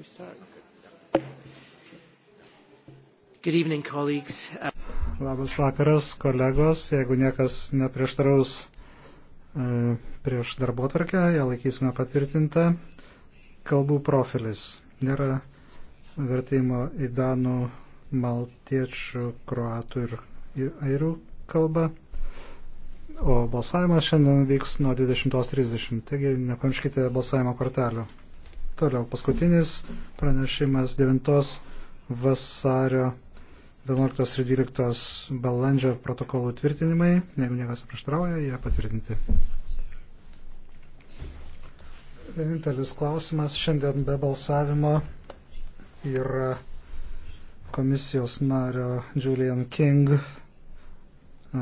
we start? Good evening, colleagues. Uh, Labas vakaras, kolegos. Jeigu niekas neprieštaraus e, prieš darbo tvarkę, ją laikysime patvirtintą. Kalbų profilis. Nėra vertimo į danų, maltiečių, kroatų ir airių kalbą. O balsavimas šiandien vyks nuo 20.30, taigi nepamirškite balsavimo kortelių. Toliau paskutinis pranešimas 9 vasario 11 ir 12 balandžio protokolų tvirtinimai. Jeigu niekas prieštrauja, jie patvirtinti. Vienintelis klausimas šiandien be balsavimo yra komisijos nario Julian King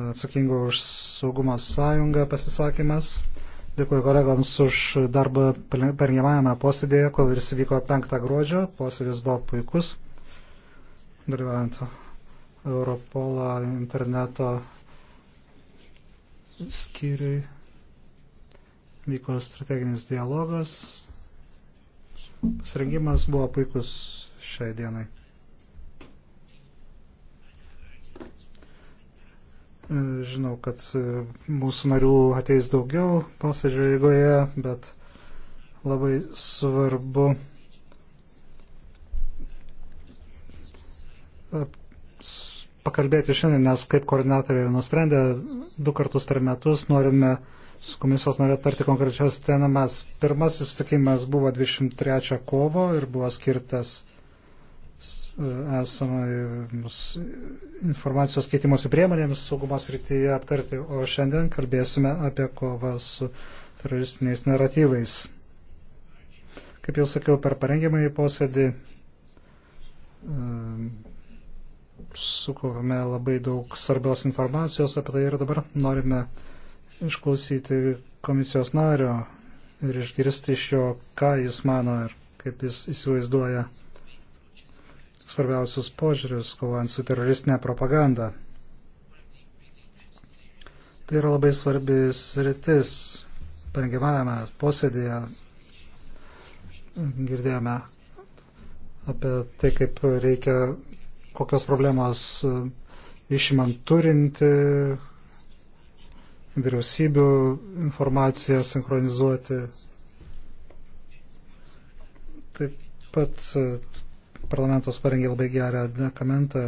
atsakingo už saugumo sąjungą pasisakymas. Dėkuoju kolegoms už darbą parengiamajame posėdėje, kol jis vyko 5 gruodžio. Posėdis buvo puikus, dalyvaujant Europolo interneto skyriui. Vyko strateginis dialogas. Pasirengimas buvo puikus šiai dienai. Žinau, kad e, mūsų narių ateis daugiau posėdžio eigoje, bet labai svarbu pakalbėti šiandien, nes kaip koordinatoriai nusprendė, du kartus per metus norime su komisijos norė aptarti konkrečias temas. Pirmasis sutikimas buvo 23 kovo ir buvo skirtas esame informacijos keitimosi priemonėms saugumos rytyje aptarti, o šiandien kalbėsime apie kovą su teroristiniais naratyvais. Kaip jau sakiau, per parengiamąjį posėdį sukūrėme labai daug svarbios informacijos apie tai ir dabar norime išklausyti komisijos nario ir išgirsti iš jo, ką jis mano ir kaip jis įsivaizduoja svarbiausius požiūrius, kovojant su teroristinė propaganda. Tai yra labai svarbi sritis. Parengiamajame posėdėje girdėjome apie tai, kaip reikia, kokios problemos išimant turinti vyriausybių informaciją sinchronizuoti. Taip pat parlamentas parengė labai gerą dokumentą,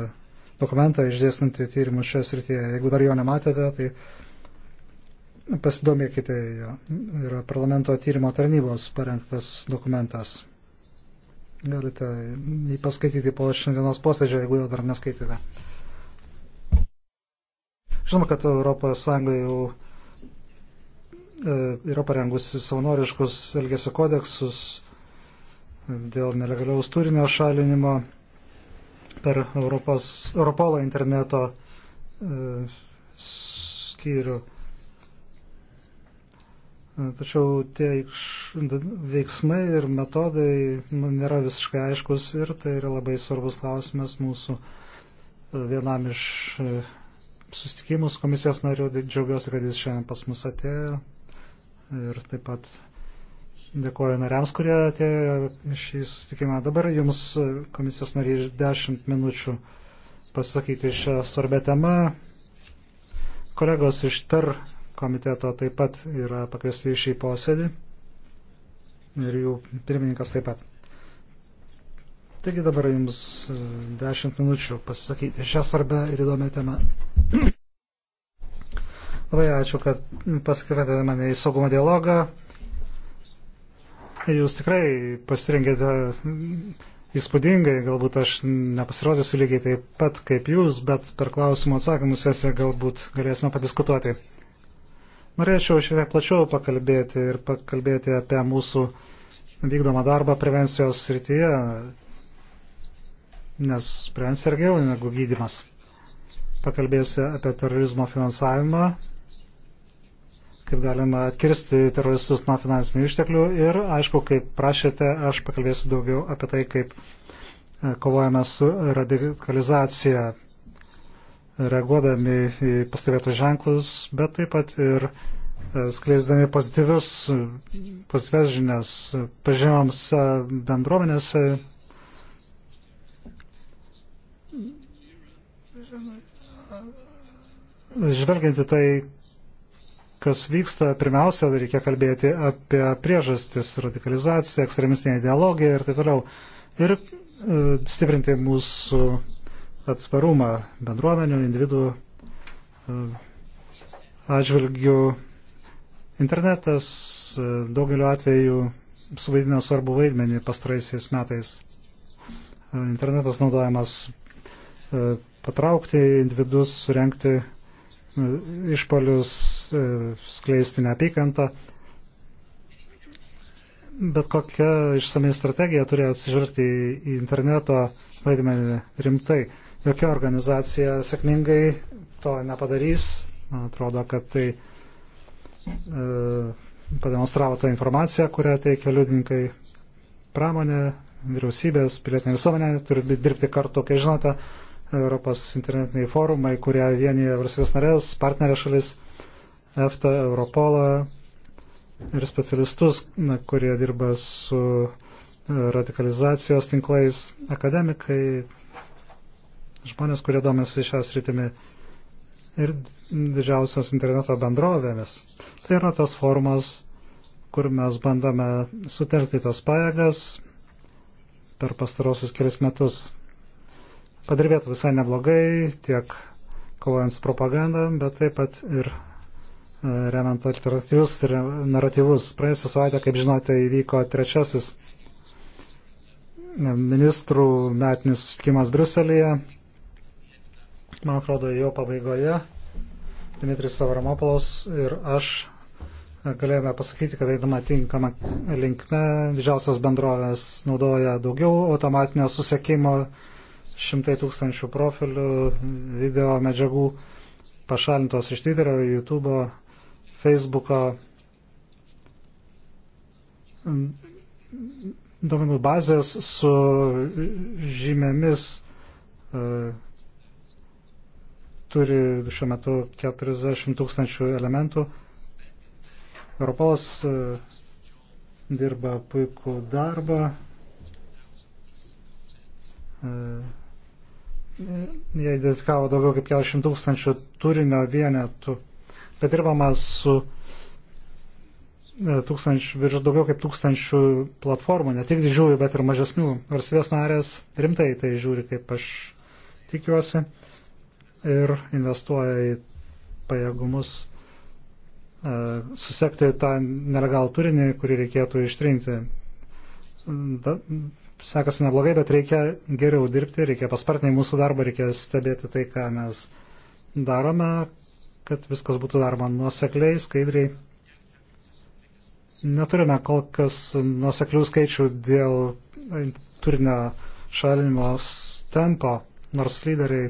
dokumentą išdėstinti tyrimus šioje srityje. Jeigu dar jo nematėte, tai pasidomėkite jo. Yra parlamento tyrimo tarnybos parengtas dokumentas. Galite jį paskaityti po šiandienos posėdžio, jeigu jo dar neskaitėte. Žinoma, kad ES jau e, yra parengusi savanoriškus elgesio kodeksus dėl nelegaliaus turinio šalinimo per Europos, Europolo interneto e, skyrių. E, tačiau tie veiksmai ir metodai nu, nėra visiškai aiškus ir tai yra labai svarbus klausimas mūsų e, vienam iš e, susitikimus komisijos narių. Džiaugiuosi, kad jis šiandien pas mus atėjo ir taip pat Dėkuoju nariams, kurie atėjo iš šį susitikimą. Dabar jums komisijos nariai 10 minučių pasakyti šią svarbę temą. Kolegos iš TAR komiteto taip pat yra pakviesti į šį posėdį ir jų pirmininkas taip pat. Taigi dabar jums 10 e, minučių pasisakyti šią svarbę ir įdomią temą. Labai ačiū, kad pasikvietėte mane į saugumo dialogą. Jūs tikrai pasirengėte įspūdingai, galbūt aš nepasirodysiu lygiai taip pat kaip jūs, bet per klausimų atsakymų sesiją galbūt galėsime padiskutuoti. Norėčiau šiek tiek plačiau pakalbėti ir pakalbėti apie mūsų vykdomą darbą prevencijos srityje, nes prevencija yra geriau negu gydimas. Pakalbėsiu apie terorizmo finansavimą kaip galima atkirsti teroristus nuo finansinių išteklių ir, aišku, kaip prašėte, aš pakalbėsiu daugiau apie tai, kaip e, kovojame su radikalizacija, reaguodami į pastebėtus ženklus, bet taip pat ir e, skleisdami pozityvius, pozityves žinias pažymams e, bendruomenėse. Žvelgiant į tai, kas vyksta, pirmiausia, reikia kalbėti apie priežastis, radikalizaciją, ekstremistinę ideologiją ir taip toliau. Ir e, stiprinti mūsų atsparumą bendruomenių, individų e, atžvilgių. Internetas e, daugeliu atveju suvaidina svarbu vaidmenį pastaraisiais metais. Internetas naudojamas patraukti individus, surenkti išpolius, e, skleisti neapykantą. Bet kokia išsamei strategija turėjo atsižvelgti į interneto vaidmenį rimtai. Jokia organizacija sėkmingai to nepadarys. Man atrodo, kad tai e, pademonstravo tą informaciją, kurią teikia liudininkai pramonė, vyriausybės, pilietinė visuomenė turi dirbti kartu. Kai žinote, Europos internetiniai forumai, kurie vienyje valstybės narės, partnerės šalis, EFTA, Europolą ir specialistus, na, kurie dirba su e, radikalizacijos tinklais, akademikai, žmonės, kurie domėsi šią sritimį ir didžiausios interneto bendrovėmis. Tai yra tas formas, kur mes bandome sutelkti tas pajėgas per pastarosius kelias metus padirbėtų visai neblogai, tiek kovojant su propaganda, bet taip pat ir e, remiant alternatyvius ir naratyvus. Praėjusią savaitę, kaip žinote, įvyko trečiasis e, ministrų metinis susitikimas Bruselėje. Man atrodo, jo pabaigoje Dimitris Savramopolos ir aš e, galėjome pasakyti, kad eidama tinkama linkme didžiausios bendrovės naudoja daugiau automatinio susiekimo šimtai tūkstančių profilių, video medžiagų pašalintos iš Twitterio, YouTube'o, Facebook'o duomenų bazės su žymėmis e, turi šiuo metu 40 tūkstančių elementų. Europolas e, dirba puikų darbą. E, jie identifikavo daugiau kaip 40 tūkstančių turinio vienetų, bet dirbama su e, tūkstančių, virš daugiau kaip tūkstančių platformų, ne tik didžiųjų, bet ir mažesnių. Varsvės narės rimtai tai žiūri, kaip aš tikiuosi, ir investuoja į pajėgumus e, susekti tą nelegalų turinį, kurį reikėtų ištrinti. Da, sekasi neblogai, bet reikia geriau dirbti, reikia paspartinti mūsų darbą, reikia stebėti tai, ką mes darome, kad viskas būtų daroma nuosekliai, skaidriai. Neturime kol kas nuoseklių skaičių dėl turinio šalinimo tempo, nors lyderiai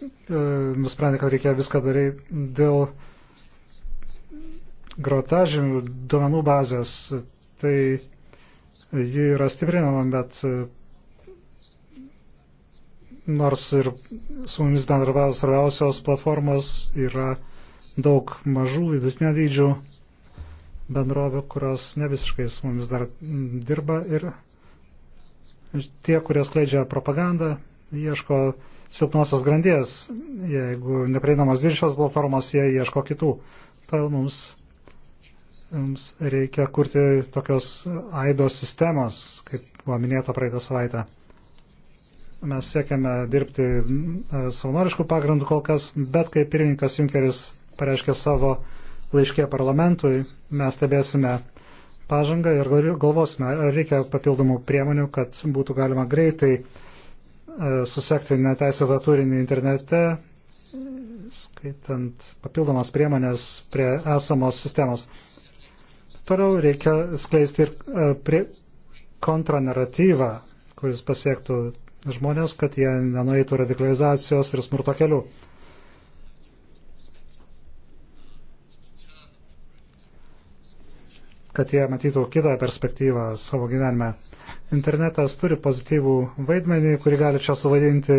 e, nusprendė, kad reikia viską daryti dėl grotažymių duomenų bazės, tai ji yra stiprinama, bet nors ir su mumis bendrabiaus svarbiausios platformos yra daug mažų vidutinio dydžių bendrovių, kurios ne visiškai su mumis dar dirba ir tie, kurie skleidžia propagandą, ieško silpnosios grandies, jeigu neprieinamas didžios platformos, jie ieško kitų. Todėl mums mums reikia kurti tokios aidos sistemos, kaip buvo minėta praeitą savaitę. Mes siekiame dirbti e, savanoriškų pagrindų kol kas, bet kaip pirmininkas Junkeris pareiškė savo laiškė parlamentui, mes stebėsime pažangą ir galvosime, ar reikia papildomų priemonių, kad būtų galima greitai e, susekti neteisėtą turinį internete, skaitant papildomas priemonės prie esamos sistemos. Toliau reikia skleisti ir e, kontranaratyvą, kuris pasiektų žmonės, kad jie nenueitų radikalizacijos ir smurto keliu. kad jie matytų kitą perspektyvą savo gyvenime. Internetas turi pozityvų vaidmenį, kurį gali čia suvaidinti,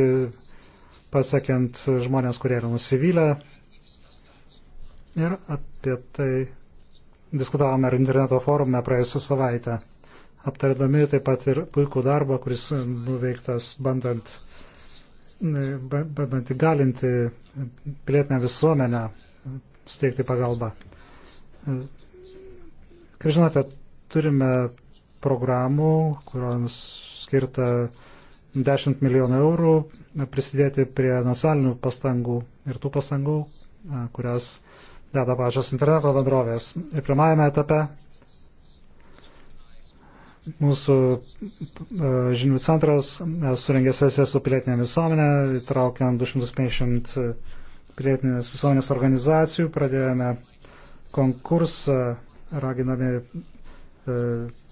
pasiekiant žmonės, kurie yra nusivylę. Ir apie tai diskutavome ir interneto forume praėjusią savaitę, aptardami taip pat ir puikų darbą, kuris nuveiktas bandant, bandant įgalinti pilietinę visuomenę steigti pagalbą. Kaip žinote, turime programų, kurioms skirta 10 milijonų eurų prisidėti prie nacionalinių pastangų ir tų pastangų, kurias deda pačios interneto bendrovės. Ir pirmajame etape mūsų e, žinių centras e, surengė sesiją su pilietinė visuomenė, įtraukiant 250 e, pilietinės visuomenės organizacijų, pradėjome konkursą, raginami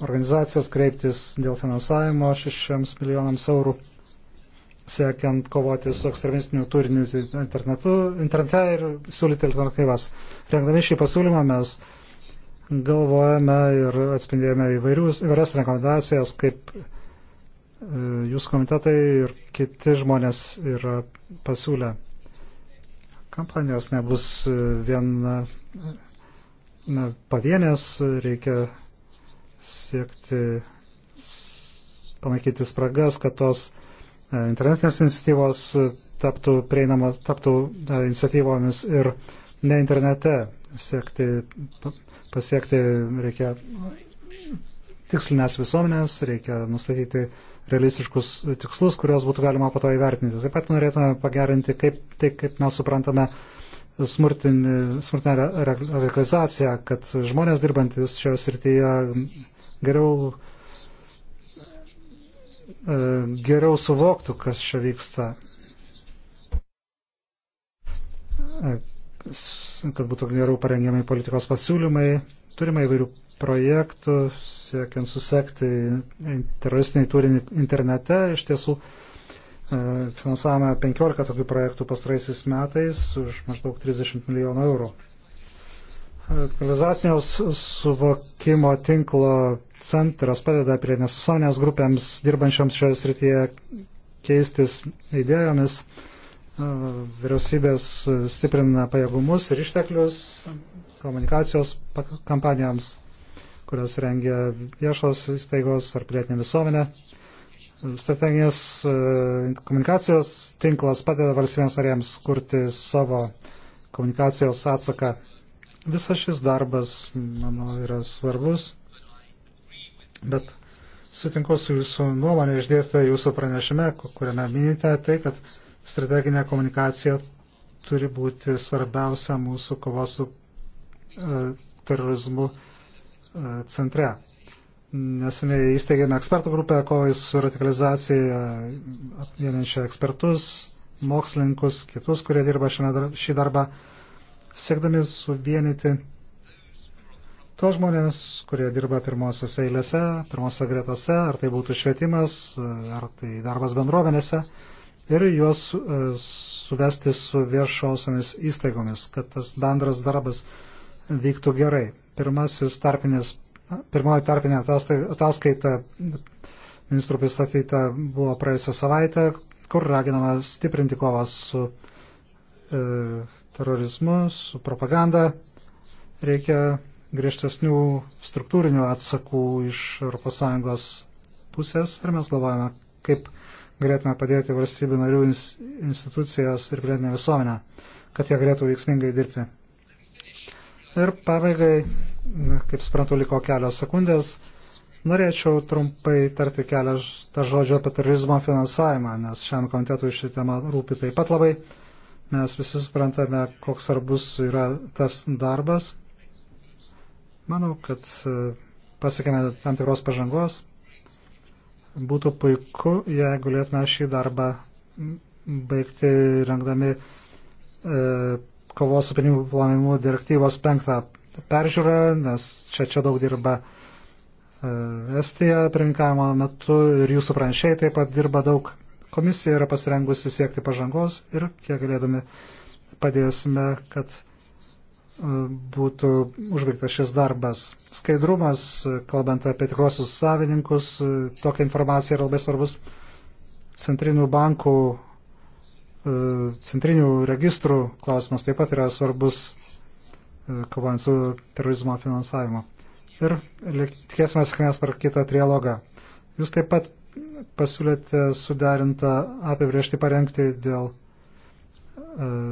organizacijas kreiptis dėl finansavimo 6 milijonams eurų siekiant kovoti su ekstremistiniu turiniu internetu, internete ir siūlyti alternatyvas. Rengdami šį pasiūlymą mes galvojame ir atspindėjome įvairius, įvairias rekomendacijas, kaip e, jūsų komitetai ir kiti žmonės yra pasiūlę. Kampanijos nebus e, vien na, pavienės, reikia siekti panaikyti spragas, kad tos E, internetinės iniciatyvos e, taptų prieinamos, taptų e, iniciatyvomis ir ne internete siekti, pasiekti reikia tikslinės visuomenės, reikia nustatyti realistiškus tikslus, kuriuos būtų galima po to įvertinti. Taip pat norėtume pagerinti, kaip, tai, kaip mes suprantame smurtinį, smurtinę radikalizaciją, kad žmonės dirbantis šioje srityje geriau E, geriau suvoktų, kas čia vyksta, e, kad būtų geriau parengiami politikos pasiūlymai. Turime įvairių projektų, siekiant susekti teroristinį turinį internete. Iš tiesų, e, finansavome 15 tokių projektų pastaraisiais metais už maždaug 30 milijonų eurų. Globalizacijos suvokimo tinklo centras padeda prie nesusaunės grupėms dirbančioms šioje srityje keistis idėjomis. Vyriausybės stiprina pajėgumus ir išteklius komunikacijos kampanijoms, kurios rengia viešos įstaigos ar pilietinė visuomenė. Strateginės e, komunikacijos tinklas padeda valstybėms narėms kurti savo komunikacijos atsaką. Visas šis darbas, manau, yra svarbus Bet sutinku su jūsų nuomonė išdėstę jūsų pranešime, kuriame minite tai, kad strateginė komunikacija turi būti svarbiausia mūsų kovos su uh, terorizmu uh, centre. Neseniai įsteigėme ekspertų grupę kovai su radikalizacija, vieninčią ekspertus, mokslininkus, kitus, kurie dirba šį darbą, siekdami suvienyti Tuos žmonės, kurie dirba pirmosios eilėse, pirmosios gretose, ar tai būtų švietimas, ar tai darbas bendruomenėse, ir juos e, suvesti su viešosiomis įstaigomis, kad tas bendras darbas vyktų gerai. Pirmasis tarpinis, pirmoji tarpinė ataskaita ministrų pristatyta buvo praėjusią savaitę, kur raginama stiprinti kovą su e, terorizmu, su propaganda. Reikia griežtesnių struktūrinių atsakų iš ES pusės ir mes galvojame, kaip galėtume padėti valstybių narių institucijos ir pilietinė visuomenė, kad jie galėtų veiksmingai dirbti. Ir pabaigai, kaip suprantu, liko kelios sekundės, norėčiau trumpai tarti keletą žodžių apie terorizmo finansavimą, nes šiam komitetui ši tema rūpi taip pat labai. Mes visi suprantame, koks svarbus yra tas darbas Manau, kad e, pasiekėme tam tikros pažangos. Būtų puiku, jei galėtume šį darbą baigti rengdami e, kovos su pinigų planimu direktyvos penktą peržiūrą, nes čia čia daug dirba e, Estija pirmininkavimo metu ir jūsų pranešėjai taip pat dirba daug. Komisija yra pasirengusi siekti pažangos ir kiek galėdami padėsime, kad būtų užbaigtas šis darbas. Skaidrumas, kalbant apie tikruosius savininkus, tokia informacija yra labai svarbus. Centrinių bankų, e, centrinių registrų klausimas taip pat yra svarbus, e, kovojant su terorizmo finansavimu. Ir tikėsime sėkmės per kitą trialogą. Jūs taip pat pasiūlėte suderintą apibriežtį parengti dėl e,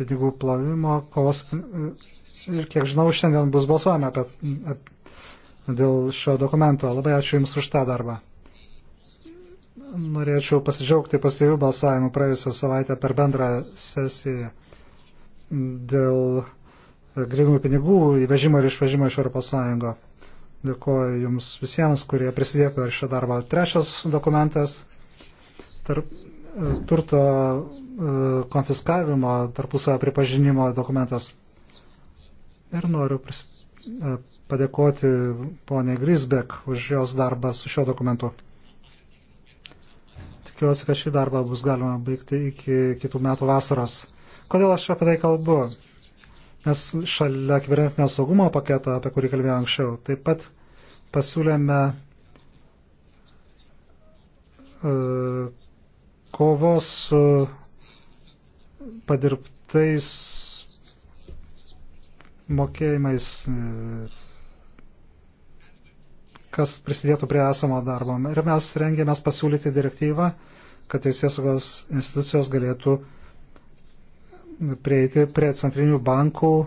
pinigų plovimo, kovos ir kiek žinau, šiandien bus balsuojama apie, apie dėl šio dokumento. Labai ačiū Jums už tą darbą. Norėčiau pasidžiaugti pastyvių balsavimų praėjusią savaitę per bendrą sesiją dėl grinų pinigų įvežimo ir išvežimo iš ES. Dėkuoju Jums visiems, kurie prisidėjo prie šio darbo. Trečias dokumentas tarp turto konfiskavimo tarpusavio pripažinimo dokumentas. Ir noriu pris, e, padėkoti poniai Grisbek už jos darbą su šiuo dokumentu. Tikiuosi, kad šį darbą bus galima baigti iki kitų metų vasaros. Kodėl aš apie tai kalbu? Nes šalia kibernetinio saugumo paketo, apie kurį kalbėjau anksčiau, taip pat pasiūlėme e, kovos su padirbtais mokėjimais, kas prisidėtų prie esamo darbo. Ir mes rengėmės pasiūlyti direktyvą, kad teisėsaugos institucijos galėtų prieiti prie centrinių bankų e,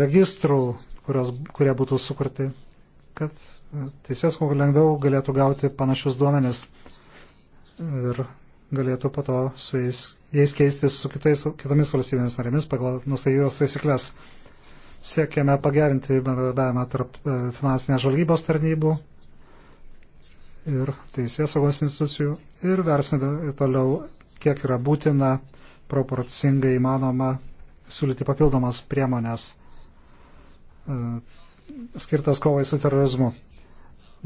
registrų, kurios, kurie būtų sukurti, kad teisėsauga lengviau galėtų gauti panašius duomenis ir galėtų po to su jais jais keistis su kitais, kitomis valstybėmis narėmis pagal nustatytas taisyklės. Siekiame pagerinti bendradarbiavimą tarp e, finansinės žvalgybos tarnybų ir teisės saugos institucijų ir versinti toliau, kiek yra būtina, proporcingai įmanoma siūlyti papildomas priemonės e, skirtas kovai su terorizmu.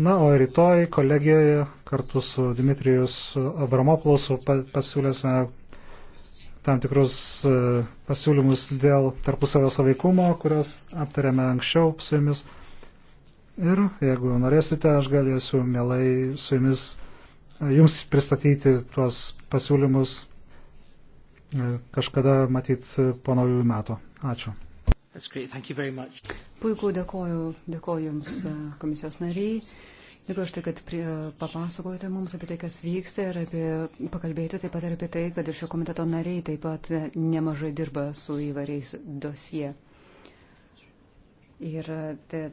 Na, o rytoj kolegijoje kartu su Dimitrius Avramopulosu pasiūlėsime tam tikrus e, pasiūlymus dėl tarpusavio savaikumo, kurios aptarėme anksčiau su jumis. Ir jeigu norėsite, aš galėsiu mielai su jumis e, jums pristatyti tuos pasiūlymus e, kažkada matyt po naujųjų metų. Ačiū. Puiku, dėkoju, dėkoju Jums komisijos nariai. Dėkui aš tai, kad prie, papasakojote mums apie tai, kas vyksta ir apie, pakalbėjote taip pat ir apie tai, kad ir šio komiteto nariai taip pat nemažai dirba su įvairiais dosie. Ir te,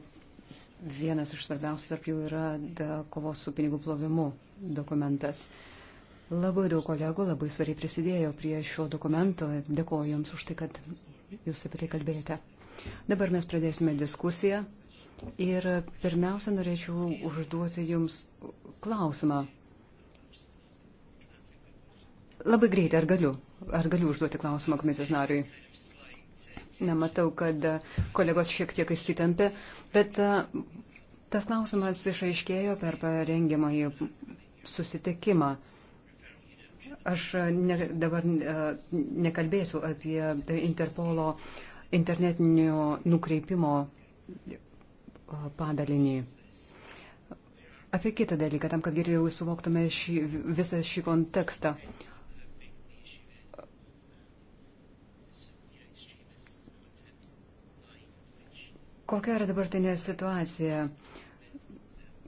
vienas iš svarbiausių tarp jų yra da, kovos su pinigų plovimu dokumentas. Labai daug kolegų labai svariai prisidėjo prie šio dokumento. Dėkoju Jums už tai, kad Jūs apie tai kalbėjote. Dabar mes pradėsime diskusiją. Ir pirmiausia, norėčiau užduoti Jums klausimą. Labai greitai, ar galiu? Ar galiu užduoti klausimą komisijos nariui? Nematau, kad kolegos šiek tiek įsitempė, bet e, tas klausimas išaiškėjo per parengiamąjį susitikimą. Aš ne, dabar e, nekalbėsiu apie Interpolo internetinio nukreipimo padalinį. Apie kitą dalyką, tam, kad geriau suvoktume šį, visą šį kontekstą. Kokia yra dabartinė situacija?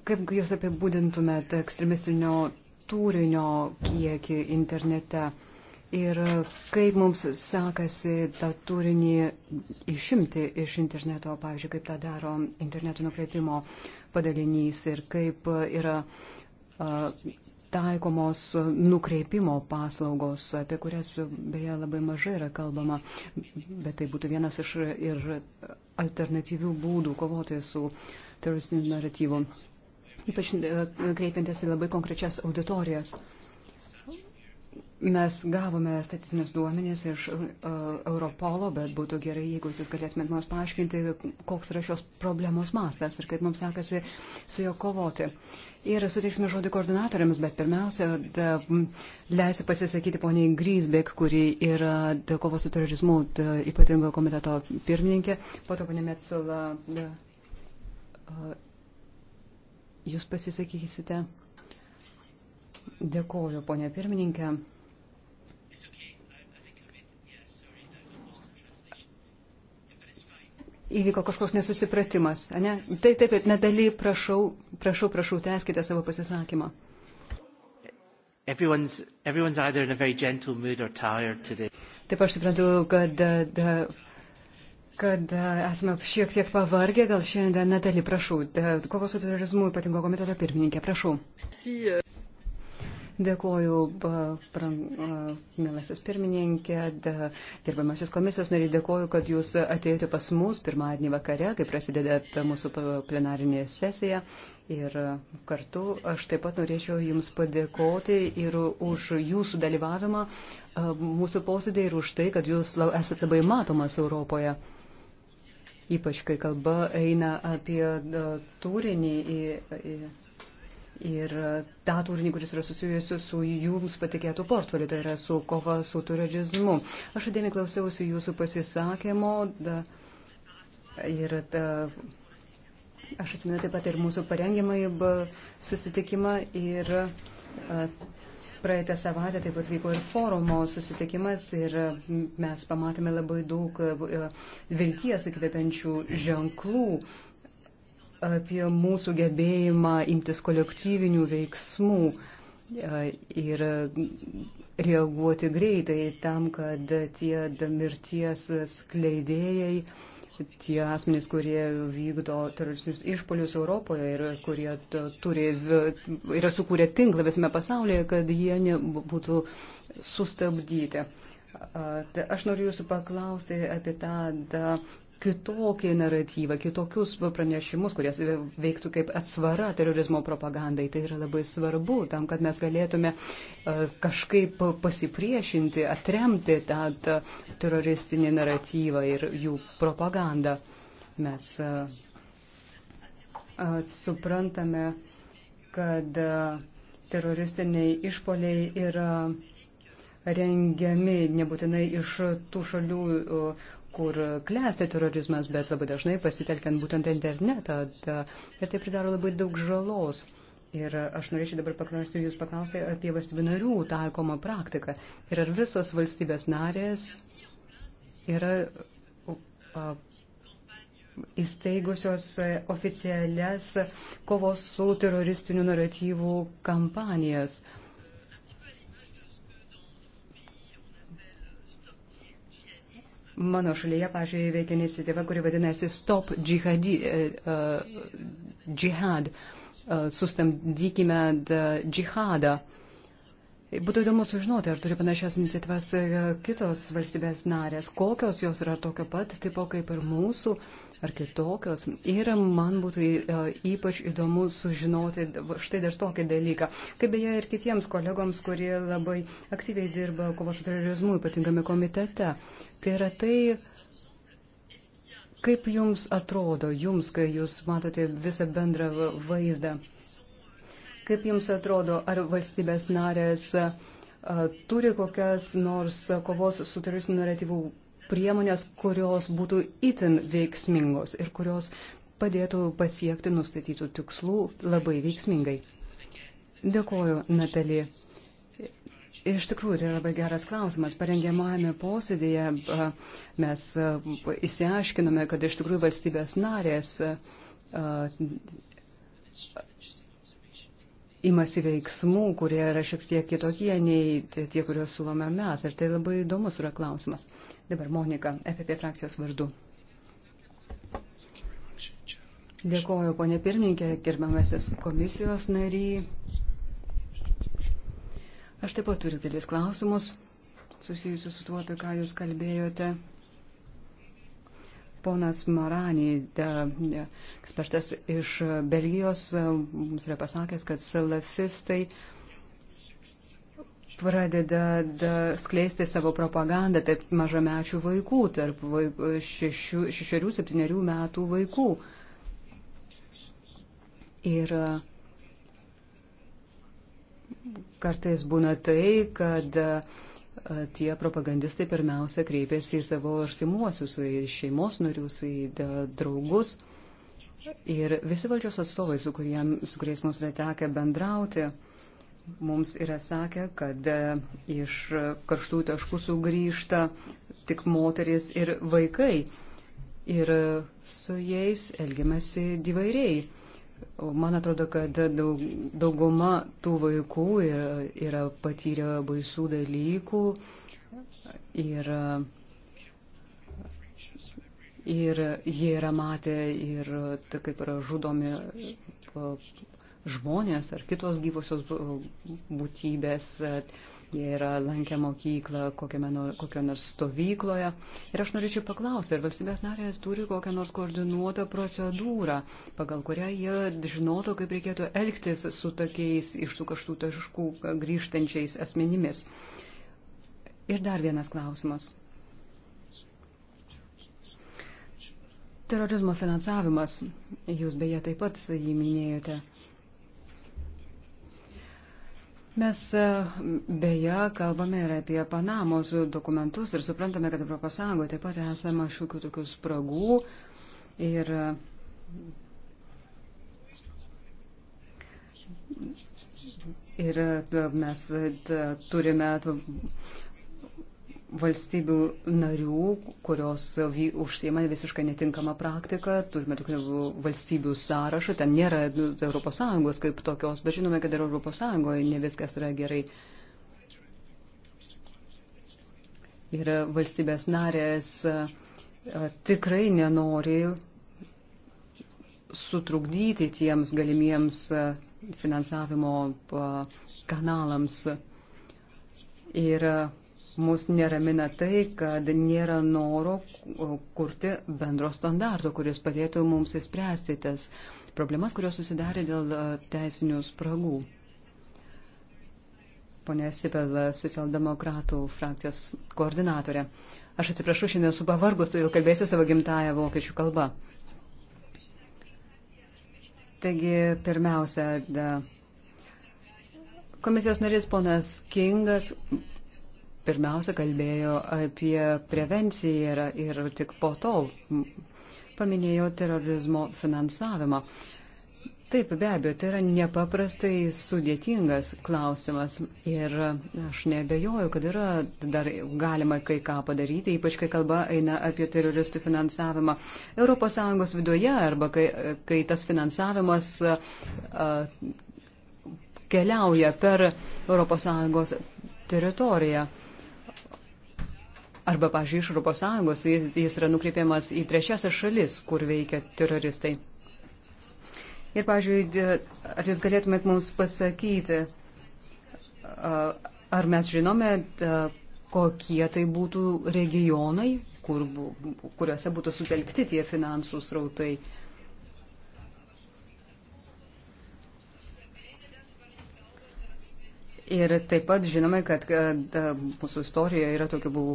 Kaip jūs apibūdintumėte ekstremistinio turinio kiekį internete? ir kaip mums sekasi tą turinį išimti iš interneto, pavyzdžiui, kaip tą daro interneto nukreipimo padalinys ir kaip yra taikomos nukreipimo paslaugos, apie kurias beje labai mažai yra kalbama, bet tai būtų vienas iš ir alternatyvių būdų kovoti su teroristiniu naratyvu, ypač kreipiantis į labai konkrečias auditorijas. Mes gavome statistinius duomenys iš uh, Europolo, bet būtų gerai, jeigu jūs galėtumėt mums paaiškinti, koks yra šios problemos mastas ir kaip mums sekasi su jo kovoti. Ir suteiksime žodį koordinatoriams, bet pirmiausia, da, leisiu pasisakyti poniai Grisbek, kuri yra da, kovos su terorizmu da, ypatingo komiteto pirmininkė, po to ponė Metsula. Da, uh, jūs pasisakysite. Dėkoju, ponė pirmininkė. Įvyko kažkoks nesusipratimas, ne? Tai taip, nedali, prašau, prašau, prašau, tęskite savo pasisakymą. Everyone's, everyone's either in a very gentle mood or tired today. Taip aš suprantu, kad, da, kad esame šiek tiek pavargę, gal šiandien, Natali, prašau, da, kovos su terorizmu ypatingo komiteto pirmininkė, prašau. Euh, Dėkuoju, mielasis pirmininkė, dirbamasis komisijos nariai, dėkuoju, kad jūs atėjote pas mus pirmadienį vakare, kai prasideda mūsų plenarinė sesija. Ir kartu aš taip pat norėčiau Jums padėkoti ir už Jūsų dalyvavimą mūsų posėdė ir už tai, kad Jūs esate labai matomas Europoje. Ypač, kai kalba eina apie turinį. Į, į, ir tą turinį, kuris yra susijusiu su jums patikėtų portfeliu, tai yra su kova su turizmu. Aš įdėmiai klausiausi jūsų pasisakymo da, ir da, aš atsimenu taip pat ir mūsų parengiamąjį susitikimą ir a, Praeitą savaitę taip pat vyko ir forumo susitikimas ir mes pamatėme labai daug vilties įkvepiančių ženklų, apie mūsų gebėjimą imtis kolektyvinių veiksmų e, ir reaguoti greitai tam, kad tie mirties skleidėjai, tie asmenys, kurie vykdo teroristinius išpolius Europoje ir kurie turi, yra sukūrę tinklą visame pasaulyje, kad jie būtų sustabdyti. Aš noriu jūsų paklausti apie tą kitokį naratyvą, kitokius pranešimus, kurie veiktų kaip atsvara terorizmo propagandai. Tai yra labai svarbu tam, kad mes galėtume e, kažkaip pasipriešinti, atremti tą teroristinį naratyvą ir jų propagandą. Mes e, e, suprantame, kad teroristiniai išpoliai yra rengiami nebūtinai iš tų šalių, kur klesti terorizmas, bet labai dažnai pasitelkiant būtent internetą da, ir tai pridaro labai daug žalos. Ir aš norėčiau dabar paklausti jūs paklausti apie valstybių narių taikomą praktiką. Ir ar visos valstybės narės yra a, įsteigusios oficialias kovos su teroristiniu naratyvu kampanijas. A, Mano šalyje, pažiūrėjau, veikia iniciatyva, kuri vadinasi Stop Jihadi, uh, Jihad. Uh, e, sustamdykime džihadą. Būtų įdomu sužinoti, ar turi panašias iniciatyvas kitos valstybės narės, kokios jos yra tokio pat tipo kaip ir mūsų, ar kitokios. Ir man būtų ypač įdomu sužinoti štai dar tokį dalyką, kaip beje ir kitiems kolegoms, kurie labai aktyviai dirba kovos su terorizmu ypatingame komitete tai yra tai, kaip jums atrodo, jums, kai jūs matote visą bendrą vaizdą, kaip jums atrodo, ar valstybės narės turi kokias nors kovos su teroristiniu naratyvu priemonės, kurios būtų itin veiksmingos ir kurios padėtų pasiekti nustatytų tikslų labai veiksmingai. Dėkoju, Natalija. Iš tikrųjų, tai yra labai geras klausimas. Parengiamajame posėdėje mes įsiaiškinome, kad iš tikrųjų valstybės narės imasi veiksmų, kurie yra šiek tiek kitokie nei tie, kuriuos sulome mes. Ir tai labai įdomus yra klausimas. Dabar Monika, EPP frakcijos vardu. Dėkoju, ponė pirmininkė, gerbiamasis komisijos nariai. Aš taip pat turiu kelis klausimus susijusius su tuo, apie ką Jūs kalbėjote. Ponas Maranį, ekspertas iš Belgijos, mums yra pasakęs, kad salafistai pradeda da, skleisti savo propagandą tarp mažamečių vaikų, tarp vaik, šešių, šešerių, septyniarių metų vaikų. Ir uh, Kartais būna tai, kad e, tie propagandistai pirmiausia kreipiasi į savo artimuosius, į šeimos narius, į draugus. Ir visi valdžios atstovai, su, kuriem, su kuriais mums yra tekę bendrauti, mums yra sakę, kad e, iš karštų taškų sugrįžta tik moteris ir vaikai. Ir e, su jais elgiamasi divairiai. O man atrodo, kad daug, dauguma tų vaikų yra, yra patyrę baisų dalykų ir, ir jie yra matę ir tai kaip yra žudomi žmonės ar kitos gyvosios būtybės jie yra lankę mokyklą kokioje nors stovykloje. Ir aš norėčiau paklausti, ar valstybės narės turi kokią nors koordinuotą procedūrą, pagal kurią jie žinotų, kaip reikėtų elgtis su tokiais iš tų kažtų taškų grįžtančiais asmenimis. Ir dar vienas klausimas. Terorizmo finansavimas, jūs beje taip pat jį minėjote. Mes e, beje kalbame ir apie Panamos dokumentus ir suprantame, kad Europos Sąjungoje taip pat esama šiokių tokių spragų ir Ir e, mes e, turime valstybių narių, kurios užsiema visiškai netinkamą praktiką, turime tokių valstybių sąrašą, ten nėra ES kaip tokios, bet žinome, kad ir ES ne viskas yra gerai. Ir valstybės narės tikrai nenori sutrukdyti tiems galimiems finansavimo kanalams. Ir Mūsų neramina tai, kad nėra noro kurti bendro standarto, kuris padėtų mums įspręsti tas problemas, kurios susidarė dėl e, teisinių spragų. Pone Sipel, socialdemokratų frakcijos koordinatorė. Aš atsiprašau, šiandien esu pavargus, todėl kalbėsiu savo gimtają vokiečių kalbą. Taigi, pirmiausia, da, komisijos narys ponas Kingas pirmiausia kalbėjo apie prevenciją ir, ir tik po to paminėjo terorizmo finansavimą. Taip, be abejo, tai yra nepaprastai sudėtingas klausimas ir aš nebejoju, kad yra dar galima kai ką padaryti, ypač kai kalba eina apie teroristų finansavimą ES viduje arba kai, kai tas finansavimas a, keliauja per ES teritoriją. Arba, pažiūrėjau, iš ES jis, jis yra nukreipiamas į trečiasias šalis, kur veikia teroristai. Ir, pažiūrėjau, ar jūs galėtumėt mums pasakyti, ar mes žinome, kokie tai būtų regionai, kur, kuriuose būtų sutelkti tie finansų srautai. Ir taip pat žinome, kad, kad mūsų istorijoje yra tokių buvų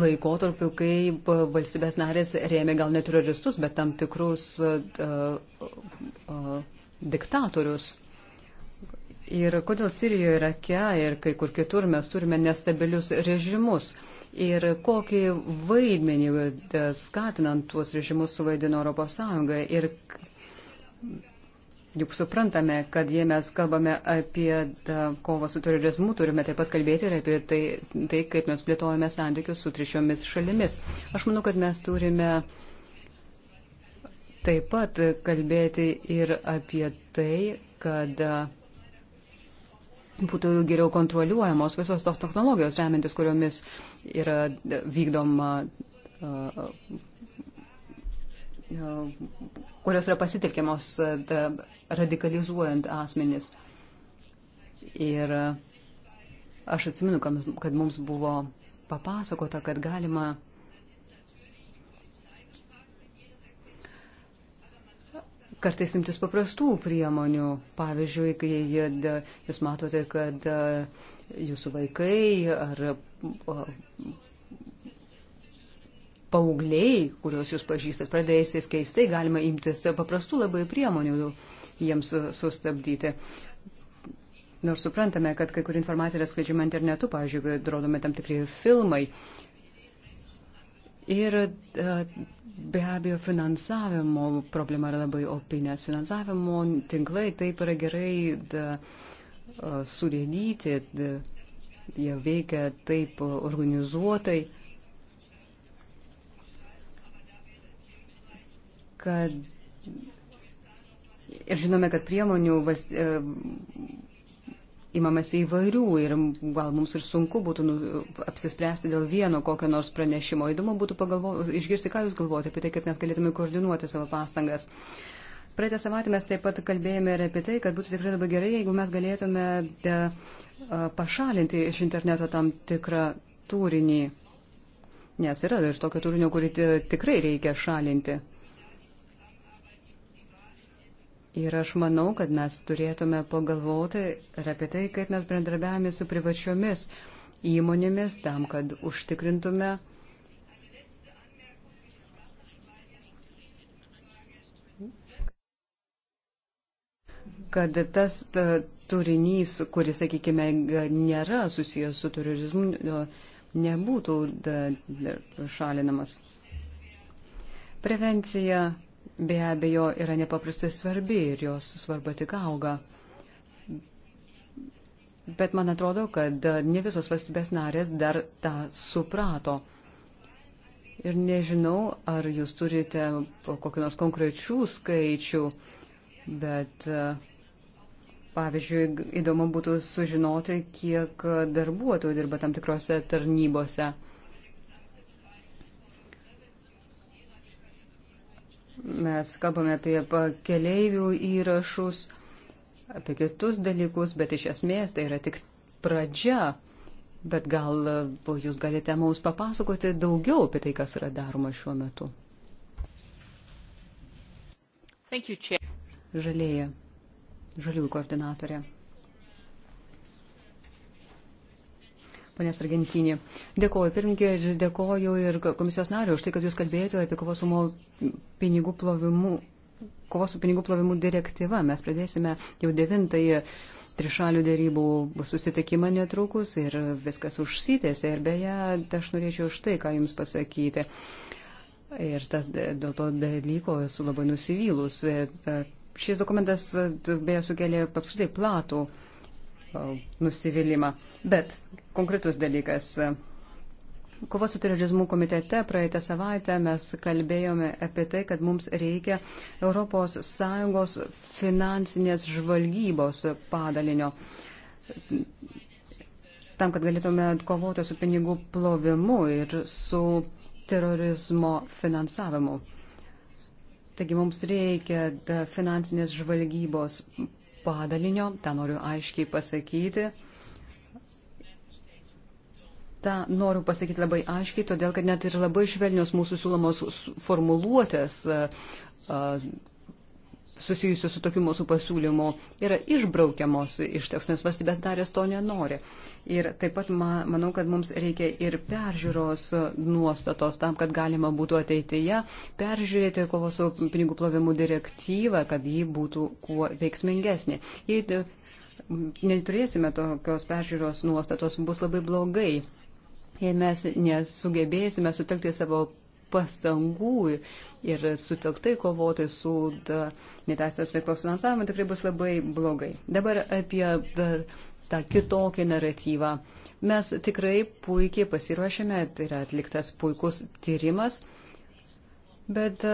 laikotarpiu, kai valstybės narės rėmė gal ne teroristus, bet tam tikrus diktatorius. Ir kodėl Sirijoje, Irake ir kai kur kitur mes turime nestabilius režimus. Ir kokį vaidmenį skatinant tuos režimus suvaidino ES ir Juk suprantame, kad jei mes kalbame apie kovą su terorizmu, turime taip pat kalbėti ir apie tai, tai kaip mes plėtojame santykius su trečiomis šalimis. Aš manau, kad mes turime taip pat kalbėti ir apie tai, kad būtų geriau kontroliuojamos visos tos technologijos remintis, kuriomis yra vykdoma. Uh, uh, kurios yra pasitelkiamos radikalizuojant asmenis. Ir aš atsimenu, kad mums buvo papasakota, kad galima kartais imtis paprastų priemonių. Pavyzdžiui, kai jie, jūs matote, kad jūsų vaikai ar paaugliai, kuriuos jūs pažįstat, pradėsite keistai, galima imtis paprastų labai priemonių jiems sustabdyti. Nors suprantame, kad kai kur informacija yra skleidžiama internetu, pavyzdžiui, rodomi tam tikri filmai. Ir e, be abejo, finansavimo problema yra labai opinės. Finansavimo tinklai taip yra gerai da, e, sudėdyti, da, jie veikia taip organizuotai, kad Ir žinome, kad priemonių vas, e, įmamas įvairių ir gal mums ir sunku būtų nu, apsispręsti dėl vieno kokio nors pranešimo. Įdomu būtų pagalvo, išgirsti, ką Jūs galvojate apie tai, kaip mes galėtume koordinuoti savo pastangas. Praeitą savaitę mes taip pat kalbėjome ir apie tai, kad būtų tikrai labai gerai, jeigu mes galėtume de, pašalinti iš interneto tam tikrą turinį. Nes yra ir tokio turinio, kurį tikrai reikia šalinti. Ir aš manau, kad mes turėtume pagalvoti ir apie tai, kaip mes bendrabiavame su privačiomis įmonėmis tam, kad užtikrintume kad tas ta, turinys, kuris, sakykime, nėra susijęs su turizmu, nebūtų da, da, šalinamas. Prevencija be abejo yra nepaprastai svarbi ir jos svarba tik auga. Bet man atrodo, kad ne visos valstybės narės dar tą suprato. Ir nežinau, ar jūs turite kokį nors konkrečių skaičių, bet pavyzdžiui, įdomu būtų sužinoti, kiek darbuotojų dirba tam tikrose tarnybose. Mes kalbame apie keleivių įrašus, apie kitus dalykus, bet iš esmės tai yra tik pradžia. Bet gal e, jūs galite mums papasakoti daugiau apie tai, kas yra daroma šiuo metu. Žalėja, žaliųjų koordinatorė. ponės Argentinė. Dėkoju, pirmininkė, ir dėkoju ir komisijos nariu už tai, kad jūs kalbėjote apie kovos su pinigų plovimu, kovos su pinigų plovimu direktyva. Mes pradėsime jau devintąjį trišalių dėrybų susitikimą netrukus ir viskas užsitėsi. Ir beje, aš norėčiau štai ką jums pasakyti. Ir tas, dėl to dalyko esu labai nusivylus. Šis dokumentas beje sukėlė apskritai platų nusivylimą. Bet konkretus dalykas. Kovos su terorizmu komitete praeitą savaitę mes kalbėjome apie tai, kad mums reikia ES finansinės žvalgybos padalinio. Tam, kad galėtume kovoti su pinigų plovimu ir su terorizmo finansavimu. Taigi mums reikia finansinės žvalgybos padalinio, tą noriu aiškiai pasakyti. Ta noriu pasakyti labai aiškiai, todėl kad net ir labai švelnios mūsų siūlomos formuluotės susijusių su tokiu mūsų pasiūlymu yra išbraukiamos iš teksto, nes valstybės darės to nenori. Ir taip pat ma, manau, kad mums reikia ir peržiūros nuostatos tam, kad galima būtų ateityje peržiūrėti kovos su pinigų plovimu direktyvą, kad ji būtų kuo veiksmingesnė. Jei e, neturėsime tokios peržiūros nuostatos, bus labai blogai. Jei mes nesugebėsime sutelkti savo pastangų ir sutelktai kovoti su neteisėtos veiklos finansavimu tikrai bus labai blogai. Dabar apie da, tą kitokį naratyvą. Mes tikrai puikiai pasiruošėme, tai yra atliktas puikus tyrimas, bet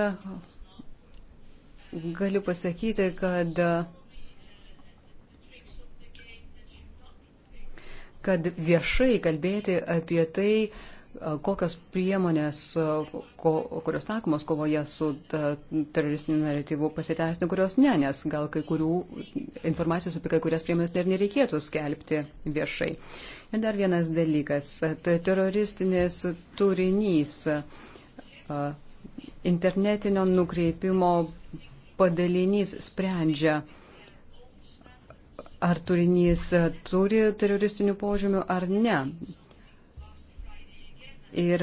galiu pasakyti, kad kad viešai kalbėti apie tai, uh, E, kokios priemonės, e, ko, kurios takomos kovoje su e, teroristiniu naratyvu pasiteisina, kurios ne, nes gal kai kurių informacijos apie kai kurias priemonės dar nereikėtų skelbti viešai. Ir dar vienas dalykas tai - teroristinis turinys internetinio nukreipimo padalinys sprendžia ar turinys turi teroristinių požymių ar ne. Ir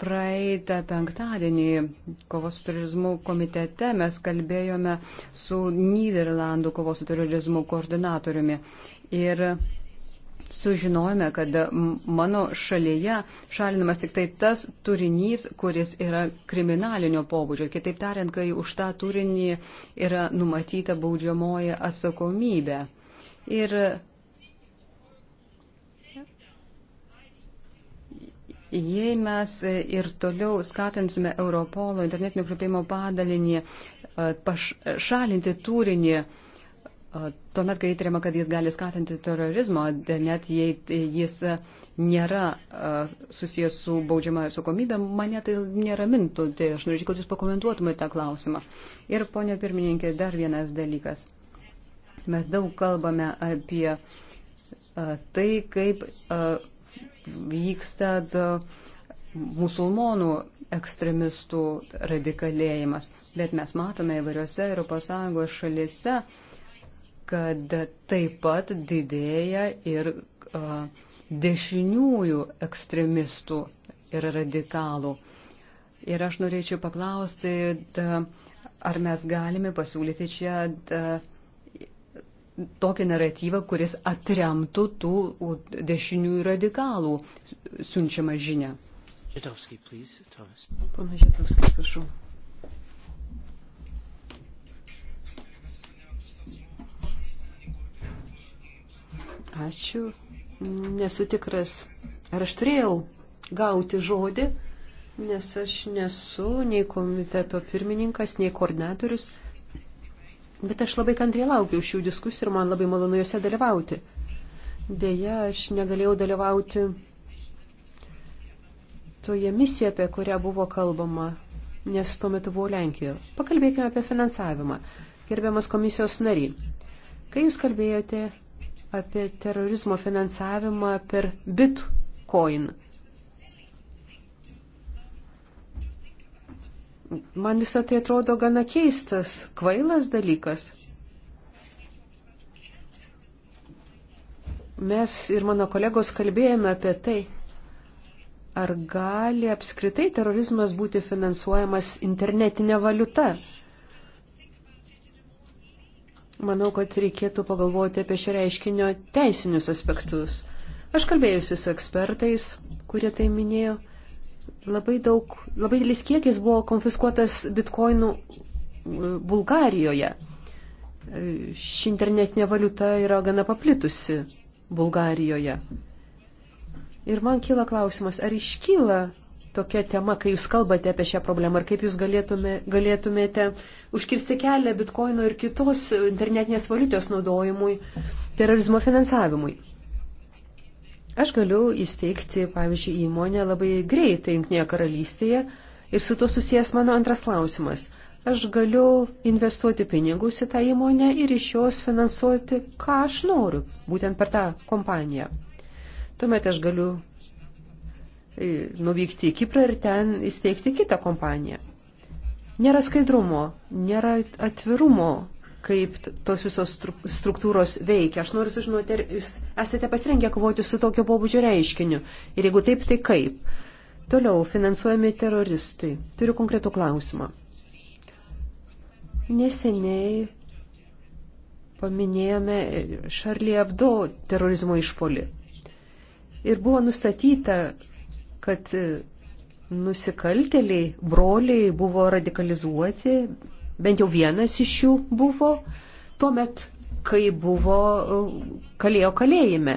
praeitą penktadienį kovos su terorizmu komitete mes kalbėjome su Niderlandų kovos su terorizmu koordinatoriumi. Ir sužinojome, kad mano šalyje šalinamas tik tai tas turinys, kuris yra kriminalinio pobūdžio. Kitaip tariant, kai už tą turinį yra numatyta baudžiamoji atsakomybė. Ir Jei mes ir toliau skatinsime Europolo internetinio grupėjimo padalinį e, pašalinti turinį, e, tuomet, kai įtariama, kad jis gali skatinti terorizmą, tai net jei jis nėra e, susijęs su baudžiama atsakomybė, mane tai neramintų. Tai aš norėčiau, kad jūs pakomentuotumėte tą klausimą. Ir, ponio pirmininkė, dar vienas dalykas. Mes daug kalbame apie tai, kaip. Uh, vyksta musulmonų ekstremistų radikalėjimas. Bet mes matome įvairiose ES šalise, kad taip pat didėja ir uh, dešiniųjų ekstremistų ir radikalų. Ir aš norėčiau paklausti, da, ar mes galime pasiūlyti čia da, tokį naratyvą, kuris atremtų tų dešiniųjų radikalų siunčiamą žinę. Žetovskis, please, Tomas. Pana Žetovskis, prašau. Ačiū. Nesu tikras, ar aš turėjau gauti žodį, nes aš nesu nei komiteto pirmininkas, nei koordinatorius. Bet aš labai kantriai laukiau šių diskusijų ir man labai malonu juose dalyvauti. Deja, aš negalėjau dalyvauti toje misijoje, apie kurią buvo kalbama, nes tuo metu buvau Lenkijoje. Pakalbėkime apie finansavimą. Gerbiamas komisijos nary, kai jūs kalbėjote apie terorizmo finansavimą per bitcoin, Man visą tai atrodo gana keistas, kvailas dalykas. Mes ir mano kolegos kalbėjome apie tai, ar gali apskritai terorizmas būti finansuojamas internetinė valiuta. Manau, kad reikėtų pagalvoti apie šio reiškinio teisinius aspektus. Aš kalbėjusi su ekspertais, kurie tai minėjo labai daug, labai didelis kiekis buvo konfiskuotas bitkoinų e, Bulgarijoje. E, ši internetinė valiuta yra gana paplitusi Bulgarijoje. Ir man kyla klausimas, ar iškyla tokia tema, kai jūs kalbate apie šią problemą ir kaip jūs galėtume, galėtumėte užkirsti kelią bitkoino ir kitos internetinės valiutos naudojimui, terorizmo finansavimui. Aš galiu įsteigti, pavyzdžiui, įmonę labai greitai Junktinėje karalystėje ir su to susijęs mano antras klausimas. Aš galiu investuoti pinigus į tą įmonę ir iš jos finansuoti, ką aš noriu, būtent per tą kompaniją. Tuomet aš galiu e, nuvykti į Kiprą ir ten įsteigti kitą kompaniją. Nėra skaidrumo, nėra atvirumo kaip tos visos struktūros veikia. Aš noriu sužinoti, ar jūs esate pasirengę kovoti su tokio pobūdžio reiškiniu. Ir jeigu taip, tai kaip? Toliau finansuojami teroristai. Turiu konkretų klausimą. Neseniai paminėjome Šarlį Abdo terorizmo išpolį. Ir buvo nustatyta, kad nusikaltėliai, broliai buvo radikalizuoti, bent jau vienas iš jų buvo tuo met, kai buvo e, kalėjo kalėjime.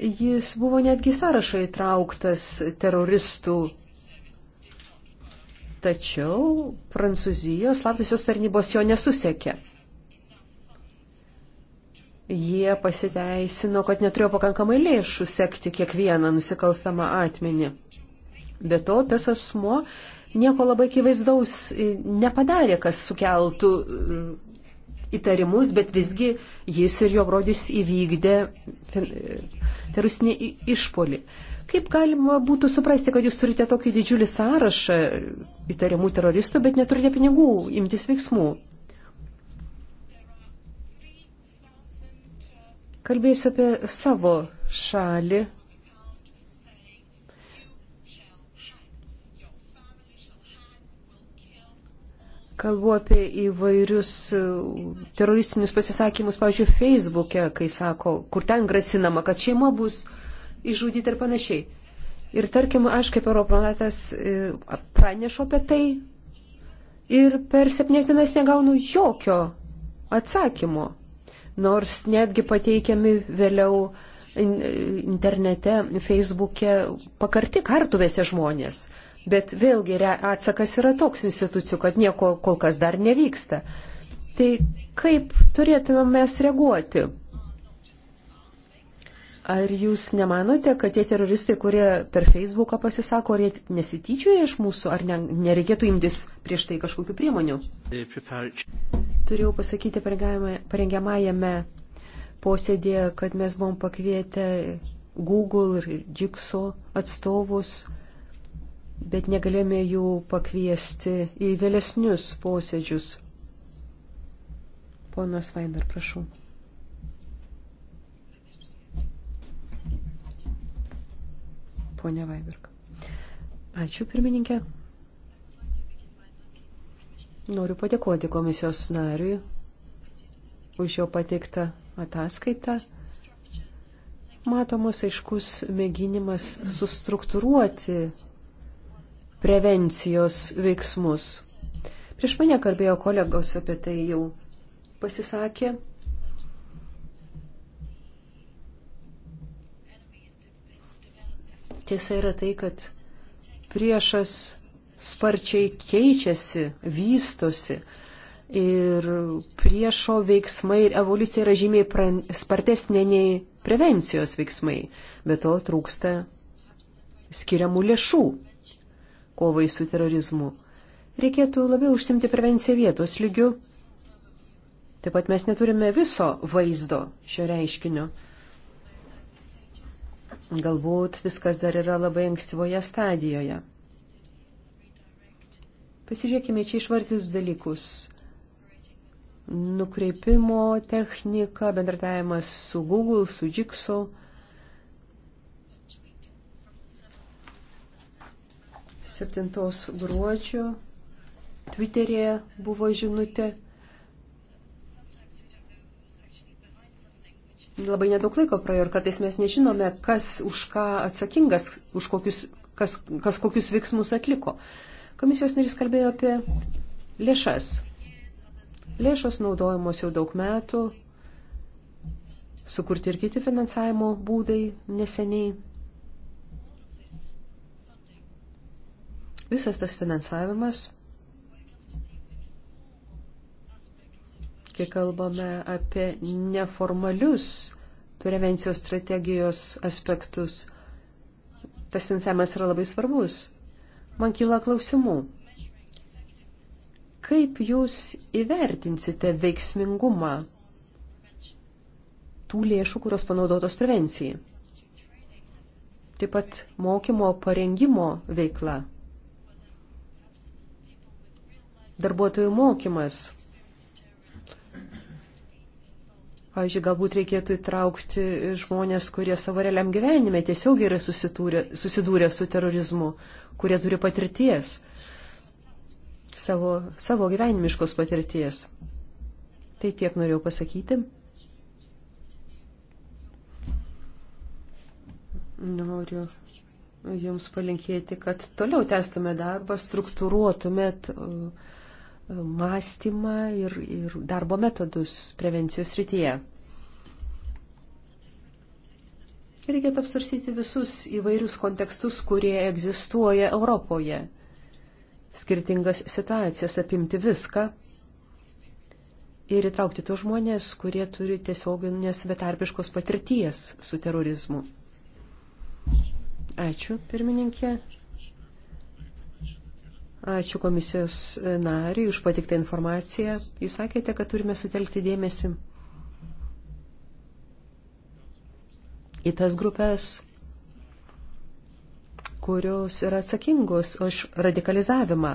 Jis buvo netgi sąrašą įtrauktas teroristų. Tačiau Prancūzijos slaptosios tarnybos jo nesusekė. Jie pasiteisino, kad neturėjo pakankamai lėšų sekti kiekvieną nusikalstamą atmenį. Be to, tas asmo nieko labai akivaizdaus e, nepadarė, kas sukeltų e, įtarimus, bet visgi jis ir jo brodis įvykdė e, teroristinį išpolį. Kaip galima būtų suprasti, kad jūs turite tokį didžiulį sąrašą įtariamų teroristų, bet neturite pinigų imtis veiksmų? Kalbėsiu apie savo šalį, Kalbu apie įvairius e, teroristinius pasisakymus, pavyzdžiui, Facebook'e, kai sako, kur ten grasinama, kad šeima bus išžudyta ir panašiai. Ir tarkim, aš kaip Europlanetas e, pranešu apie tai ir per septynias dienas negaunu jokio atsakymo. Nors netgi pateikiami vėliau e, internete, Facebook'e pakarti kartuvėse žmonės. Bet vėlgi atsakas yra toks institucijų, kad nieko kol kas dar nevyksta. Tai kaip turėtume mes reaguoti? Ar jūs nemanote, kad tie teroristai, kurie per Facebooką pasisako, ar jie nesityčioja iš mūsų, ar ne, nereikėtų imtis prieš tai kažkokių priemonių? Turėjau pasakyti parengiamajame posėdėje, kad mes buvom pakvietę Google ir Jigsaw atstovus bet negalėjome jų pakviesti į vėlesnius posėdžius. Ponas Vaindar, prašau. Pone Vaibirk. Ačiū, pirmininkė. Noriu padėkoti komisijos nariui už jo pateiktą ataskaitą. Matomas aiškus mėginimas sustruktūruoti prevencijos veiksmus. Prieš mane kalbėjo kolegos apie tai jau pasisakė. Tiesa yra tai, kad priešas sparčiai keičiasi, vystosi ir priešo veiksmai ir evoliucija yra žymiai pran, spartesnė nei prevencijos veiksmai, bet to trūksta skiriamų lėšų kovai su terorizmu. Reikėtų labiau užsimti prevenciją vietos lygių. Taip pat mes neturime viso vaizdo šio reiškinio. Galbūt viskas dar yra labai ankstyvoje stadijoje. Pasižiūrėkime čia išvartytus dalykus. Nukreipimo technika, bendradavimas su Google, su Jigsaw 7 gruodžio Twitter'e buvo žinutė. Labai nedaug laiko praėjo ir kartais mes nežinome, kas už ką atsakingas, už kokius, kas, kas kokius veiksmus atliko. Komisijos narys kalbėjo apie lėšas. Lėšos naudojamos jau daug metų, sukurti ir kiti finansavimo būdai neseniai. Visas tas finansavimas, kai kalbame apie neformalius prevencijos strategijos aspektus, tas finansavimas yra labai svarbus. Man kyla klausimų. Kaip jūs įvertinsite veiksmingumą tų lėšų, kurios panaudotos prevencijai? Taip pat mokymo parengimo veikla darbuotojų mokymas. Pavyzdžiui, galbūt reikėtų įtraukti žmonės, kurie savo realiam gyvenime tiesiog yra susidūrę, susidūrę su terorizmu, kurie turi patirties, savo, savo gyvenimiškos patirties. Tai tiek norėjau pasakyti. Noriu Jums palinkėti, kad toliau testume darbą, struktūruotumėt. Uh, mąstymą ir, ir darbo metodus prevencijos rytyje. Reikėtų apsvarsyti visus įvairius kontekstus, kurie egzistuoja Europoje. Skirtingas situacijas apimti viską ir įtraukti tos žmonės, kurie turi tiesioginės betarpiškos patirties su terorizmu. Ačiū, pirmininkė. Ačiū komisijos nariui už patiktą informaciją. Jūs sakėte, kad turime sutelkti dėmesį į tas grupės, kurios yra atsakingos už radikalizavimą.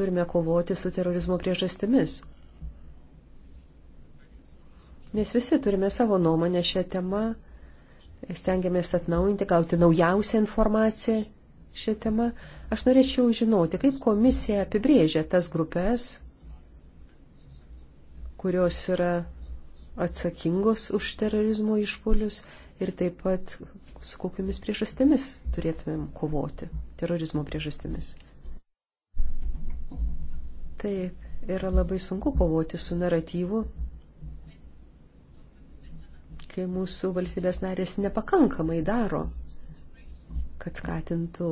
Turime kovoti su terorizmo priežastimis. Mes visi turime savo nuomonę šią temą, stengiamės atnaujinti, gauti naujausią informaciją šią temą. Aš norėčiau žinoti, kaip komisija apibrėžia tas grupės, kurios yra atsakingos už terorizmo išpolius ir taip pat su kokiamis priežastimis turėtumėm kovoti, terorizmo priežastimis. Taip, yra labai sunku kovoti su naratyvu, kai mūsų valstybės narės nepakankamai daro kad skatintų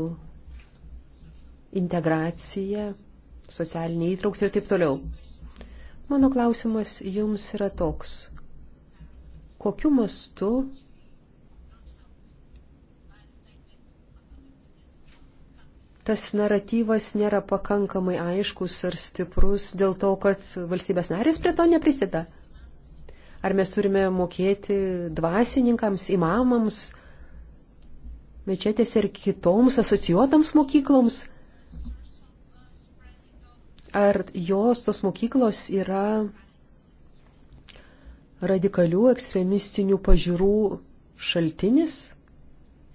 integraciją, socialinį įtraukti ir taip toliau. Mano klausimas jums yra toks. Kokiu mastu tas naratyvas nėra pakankamai aiškus ar stiprus dėl to, kad valstybės narės prie to neprisida? Ar mes turime mokėti dvasininkams, imamams, mečetėse ir kitoms asocijuotams mokykloms? Ar jos tos mokyklos yra radikalių ekstremistinių pažiūrų šaltinis,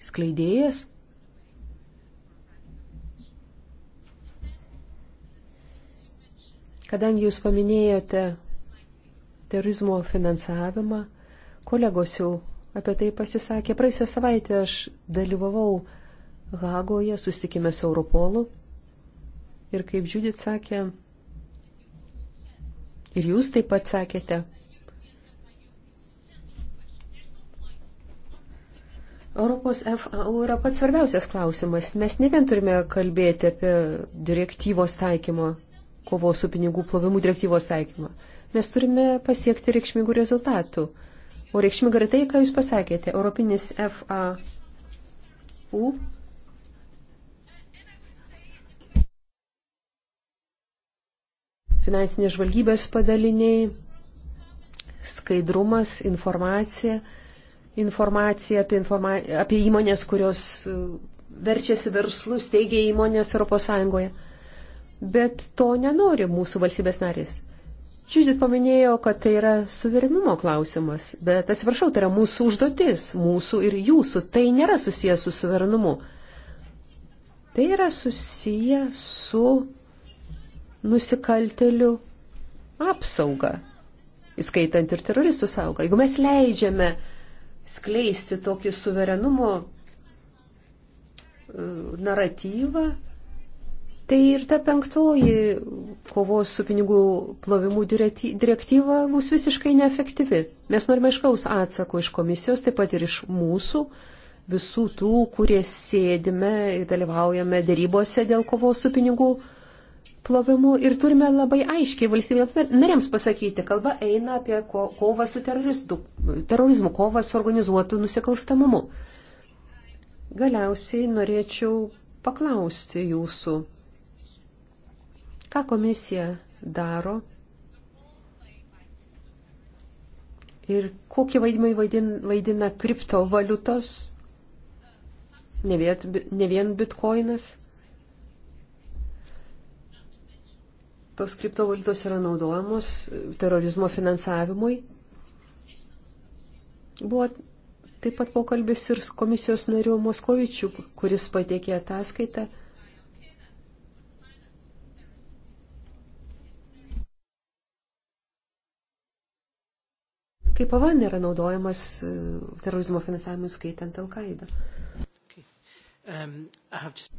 skleidėjas? Kadangi jūs paminėjote terorizmo finansavimą, kolegos jau apie tai pasisakė. Praėjusią savaitę aš dalyvavau Hagoje, susitikime su Europolu. Ir kaip Džiudit sakė, ir jūs taip pat sakėte, Europos FAU yra pats svarbiausias klausimas. Mes ne vien turime kalbėti apie direktyvos taikymą, kovos su pinigų plovimu direktyvos taikymą. Mes turime pasiekti reikšmingų rezultatų. O reikšminga yra tai, ką Jūs pasakėte. Europinis FAU finansinės žvalgybės padaliniai, skaidrumas, informacija, informacija apie, informa apie įmonės, kurios e, verčiasi verslus, teigia įmonės ES. Bet to nenori mūsų valstybės narės. Čiūzit paminėjo, kad tai yra suverenumo klausimas, bet atsiprašau, tai yra mūsų užduotis, mūsų ir jūsų, tai nėra susijęs su suverenumu. Tai yra susiję su nusikaltelių apsauga, įskaitant ir teroristų saugą. Jeigu mes leidžiame skleisti tokį suverenumo e, naratyvą, Tai ir ta penktoji kovos su pinigų plovimu direktyva bus visiškai neefektyvi. Mes norime iškaus atsako iš komisijos, taip pat ir iš mūsų, visų tų, kurie sėdime ir dalyvaujame dėrybose dėl kovos su pinigų plovimu. Ir turime labai aiškiai valstybėms narėms pasakyti, kalba eina apie ko, kovą su terorizmu, kovą su organizuotu nusikalstamumu. Galiausiai norėčiau paklausti jūsų Ką komisija daro ir kokį vaidmenį vaidina, vaidina kriptovaliutos, ne vien, ne vien bitkoinas. Tos kriptovaliutos yra naudojamos terorizmo finansavimui. Buvo taip pat pokalbis ir komisijos nariu Moskovičiu, kuris pateikė ataskaitą kaip pavan yra naudojamas e, terorizmo finansavimui skaitant Al-Qaidą. Okay. Um, just...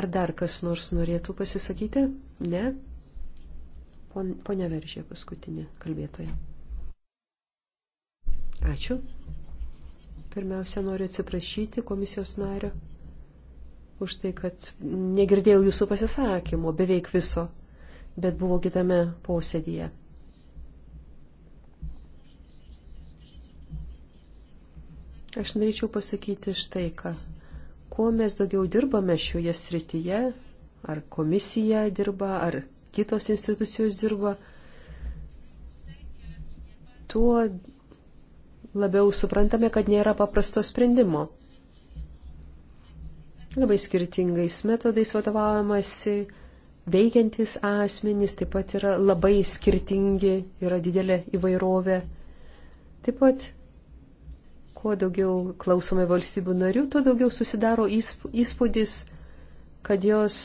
Ar dar kas nors norėtų pasisakyti? Ne? Pone Veržė, paskutinė kalbėtoja. Ačiū. Pirmiausia, noriu atsiprašyti komisijos nario už tai, kad negirdėjau jūsų pasisakymo beveik viso, bet buvo kitame posėdėje. Aš norėčiau pasakyti štai ką. Kuo mes daugiau dirbame šioje srityje, ar komisija dirba, ar kitos institucijos dirba, tuo labiau suprantame, kad nėra paprasto sprendimo. Labai skirtingais metodais vadovaujamasi, veikiantis asmenys taip pat yra labai skirtingi, yra didelė įvairovė. Taip pat kuo daugiau klausome valstybių narių, tuo daugiau susidaro įspūdis, kad jos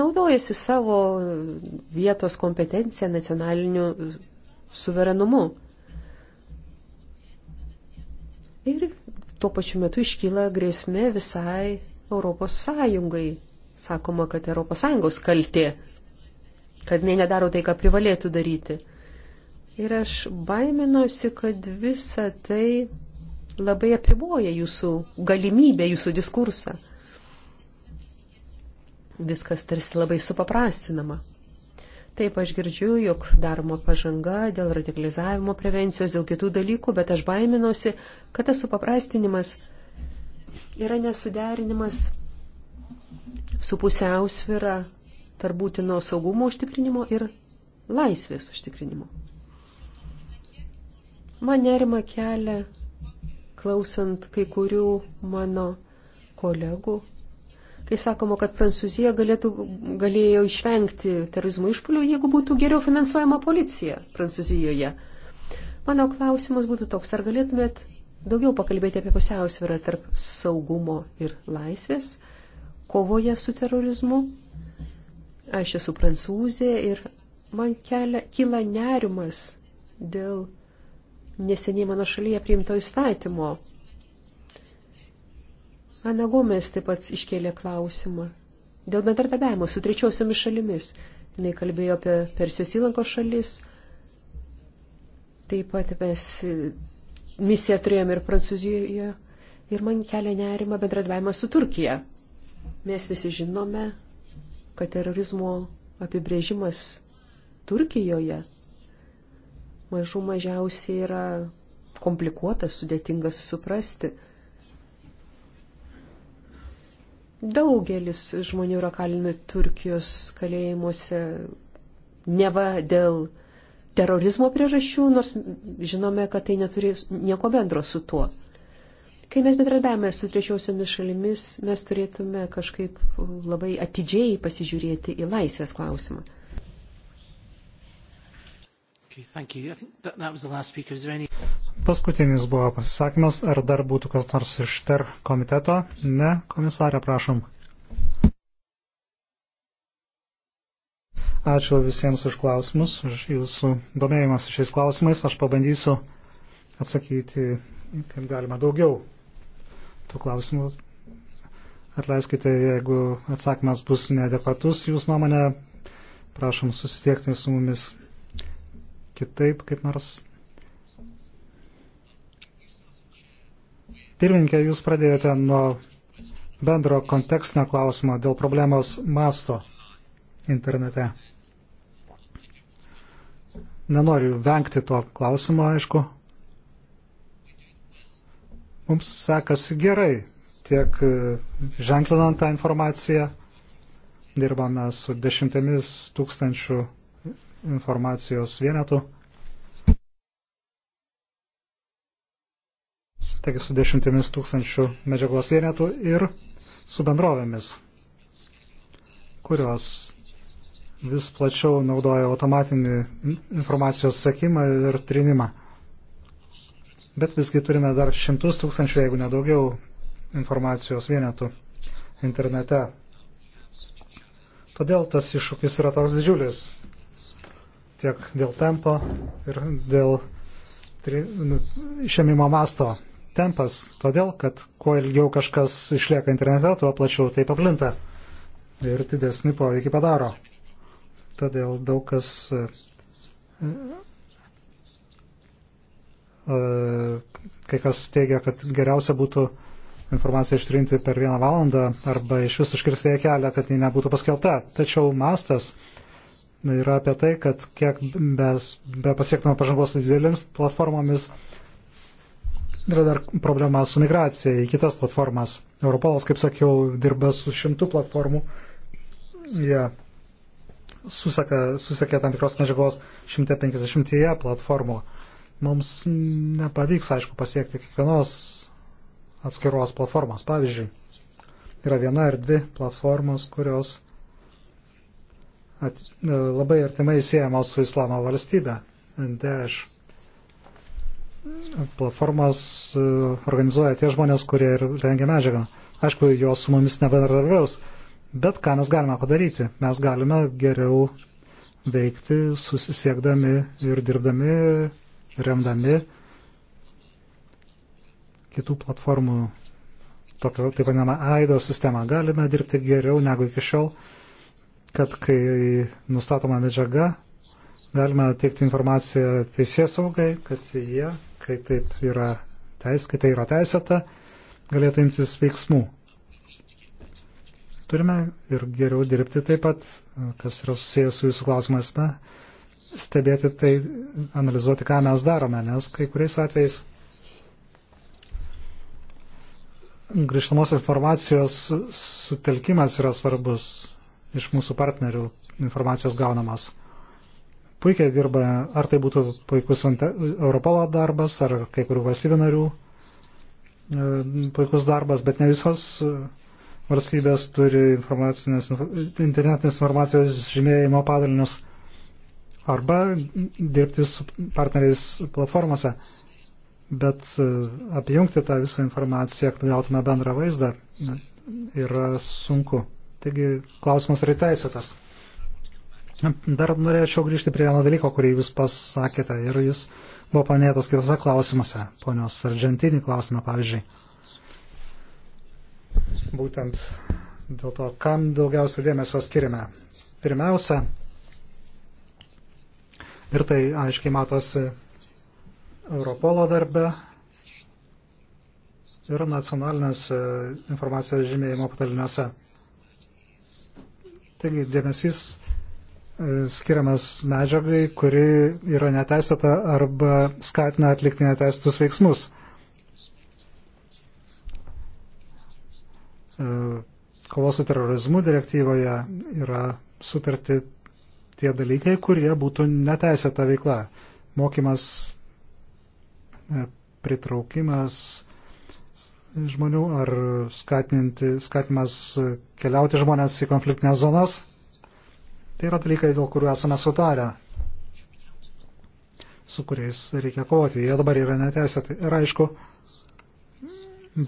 naudojasi savo vietos kompetenciją nacionaliniu suverenumu. Ir tuo pačiu metu iškyla grėsmė visai Europos Sąjungai. Sakoma, kad Europos Sąjungos kaltė, kad jie nedaro tai, ką privalėtų daryti. Ir aš baiminosi, kad visa tai labai apriboja jūsų galimybę, jūsų diskursą. Viskas tarsi labai supaprastinama. Taip aš girdžiu, jog daroma pažanga dėl radikalizavimo prevencijos, dėl kitų dalykų, bet aš baiminosi, kad tas supaprastinimas yra nesuderinimas su pusiausvira tarp būtino saugumo užtikrinimo ir laisvės užtikrinimo. Man nerima kelia, klausant kai kurių mano kolegų, kai sakoma, kad Prancūzija galėtų, galėjo išvengti terorizmo išpolių, jeigu būtų geriau finansuojama policija Prancūzijoje. Mano klausimas būtų toks, ar galėtumėt daugiau pakalbėti apie pusiausvyrą tarp saugumo ir laisvės kovoje su terorizmu? Aš esu prancūzė ir man kelia, kyla nerimas dėl neseniai mano šalyje priimto įstatymo. Ana Gomes taip pat iškėlė klausimą dėl bendradarbiavimo su trečiosiomis šalimis. Jis kalbėjo apie Persijos įlankos šalis. Taip pat mes misiją turėjome ir Prancūzijoje. Ir man kelia nerima bendradarbiavimas su Turkija. Mes visi žinome, kad terorizmo apibrėžimas Turkijoje mažų mažiausiai yra komplikuotas, sudėtingas suprasti. Daugelis žmonių yra kalinami Turkijos kalėjimuose neva dėl terorizmo priežasčių, nors žinome, kad tai neturi nieko bendro su tuo. Kai mes bendradarbiavame su trečiosiomis šalimis, mes turėtume kažkaip labai atidžiai pasižiūrėti į laisvės klausimą. Paskutinis buvo pasisakymas. Ar dar būtų kas nors iš TER komiteto? Ne, komisarė, prašom. Ačiū visiems už klausimus, už jūsų domėjimas šiais klausimais. Aš pabandysiu atsakyti, kaip galima daugiau tų klausimų. Atleiskite, jeigu atsakymas bus neadekvatus, jūs nuomonė, prašom susitiekti su mumis kitaip kaip nors. Pirmininkė, jūs pradėjote nuo bendro kontekstinio klausimo dėl problemos masto internete. Nenoriu vengti to klausimo, aišku. Mums sekasi gerai tiek ženklinant tą informaciją. Dirbame su dešimtėmis tūkstančių informacijos vienetų. Taigi su dešimtimis tūkstančių medžiagos vienetų ir su bendrovėmis, kurios vis plačiau naudoja automatinį informacijos sekimą ir trinimą. Bet visgi turime dar šimtus tūkstančių, jeigu nedaugiau, informacijos vienetų internete. Todėl tas iššūkis yra toks didžiulis tiek dėl tempo ir dėl nu, išėmimo masto. Tempas todėl, kad kuo ilgiau kažkas išlieka internete, tuo plačiau tai paplinta ir didesnį poveikį padaro. Todėl daug kas e, e, kai kas teigia, kad geriausia būtų informaciją ištrinti per vieną valandą arba iš vis užkirsti ją kelią, kad ji nebūtų paskelbta. Tačiau mastas yra apie tai, kad kiek mes be pasiektume pažangos su didelėms platformomis, yra dar problema su migracija į kitas platformas. Europolas, kaip sakiau, dirba su šimtų platformų. Jie ja. susaka, susakė tam tikros medžiagos 150 platformų. Mums nepavyks, aišku, pasiekti kiekvienos atskiros platformos. Pavyzdžiui, yra viena ar dvi platformos, kurios at, e, labai artimai siejamos su Islamo valstybe. Daesh platformas e, organizuoja tie žmonės, kurie ir rengia medžiagą. Aišku, jos su mumis nebendradarbiaus, bet ką mes galime padaryti? Mes galime geriau veikti susisiekdami ir dirbdami, remdami kitų platformų, tokio, taip vadinamą AIDO sistemą. Galime dirbti geriau negu iki šiol kad kai nustatoma medžiaga, galima teikti informaciją teisės saugai, kad jie, kai, taip yra teis, kai tai yra teisėta, galėtų imtis veiksmų. Turime ir geriau dirbti taip pat, kas yra susijęs su jūsų klausimais, stebėti tai, analizuoti, ką mes darome, nes kai kuriais atvejais grįžtamosios informacijos sutelkimas yra svarbus iš mūsų partnerių informacijos gaunamos. Puikiai dirba, ar tai būtų puikus Europolo darbas, ar kai kurių valstybių narių e, puikus darbas, bet ne visos e, valstybės turi informacinės, internetinės informacijos žymėjimo padalinius arba dirbti su partneriais platformose. Bet e, apjungti tą visą informaciją, kad gautume bendrą vaizdą, yra sunku. Taigi klausimas yra teisėtas. Dar norėčiau grįžti prie vieno dalyko, kurį jūs pasakėte ir jis buvo paminėtas kitose klausimuose, ponios Argentinį klausimą pavyzdžiui. Būtent dėl to, kam daugiausia dėmesio skiriame. Pirmiausia, ir tai aiškiai matosi Europolo darbe ir nacionalinės informacijos žymėjimo pataliniuose Taigi dėmesys e, skiriamas medžiagai, kuri yra neteisėta arba skatina atlikti neteisėtus veiksmus. E, kovos su terorizmu direktyvoje yra sutarti tie dalykai, kurie būtų neteisėta veikla. Mokymas, e, pritraukimas, žmonių, ar skatinimas keliauti žmonės į konfliktinės zonas. Tai yra dalykai, dėl kurių esame sutarę, su kuriais reikia kovoti. Jie dabar yra neteisėti. Ir aišku,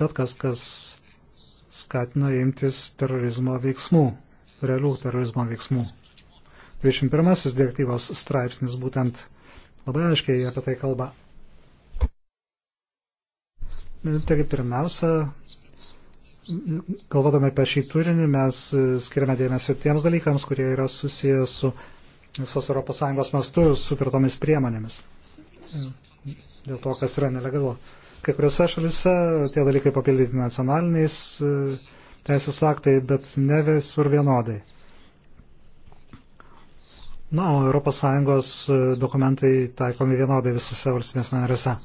bet kas, kas skatina imtis terorizmo veiksmų, realių terorizmo veiksmų. 21 direktyvos straipsnis būtent labai aiškiai apie tai kalba. Tai pirmiausia, galvodami apie šį turinį, mes skiriame dėmesį tiems dalykams, kurie yra susijęs su visos ES mastu sutartomis priemonėmis. Dėl to, kas yra nelegalu. Kai kuriuose šalise tie dalykai papildyti nacionaliniais e, teisės aktai, bet ne visur vienodai. Na, o ES dokumentai taikomi vienodai visose valstybės narėse.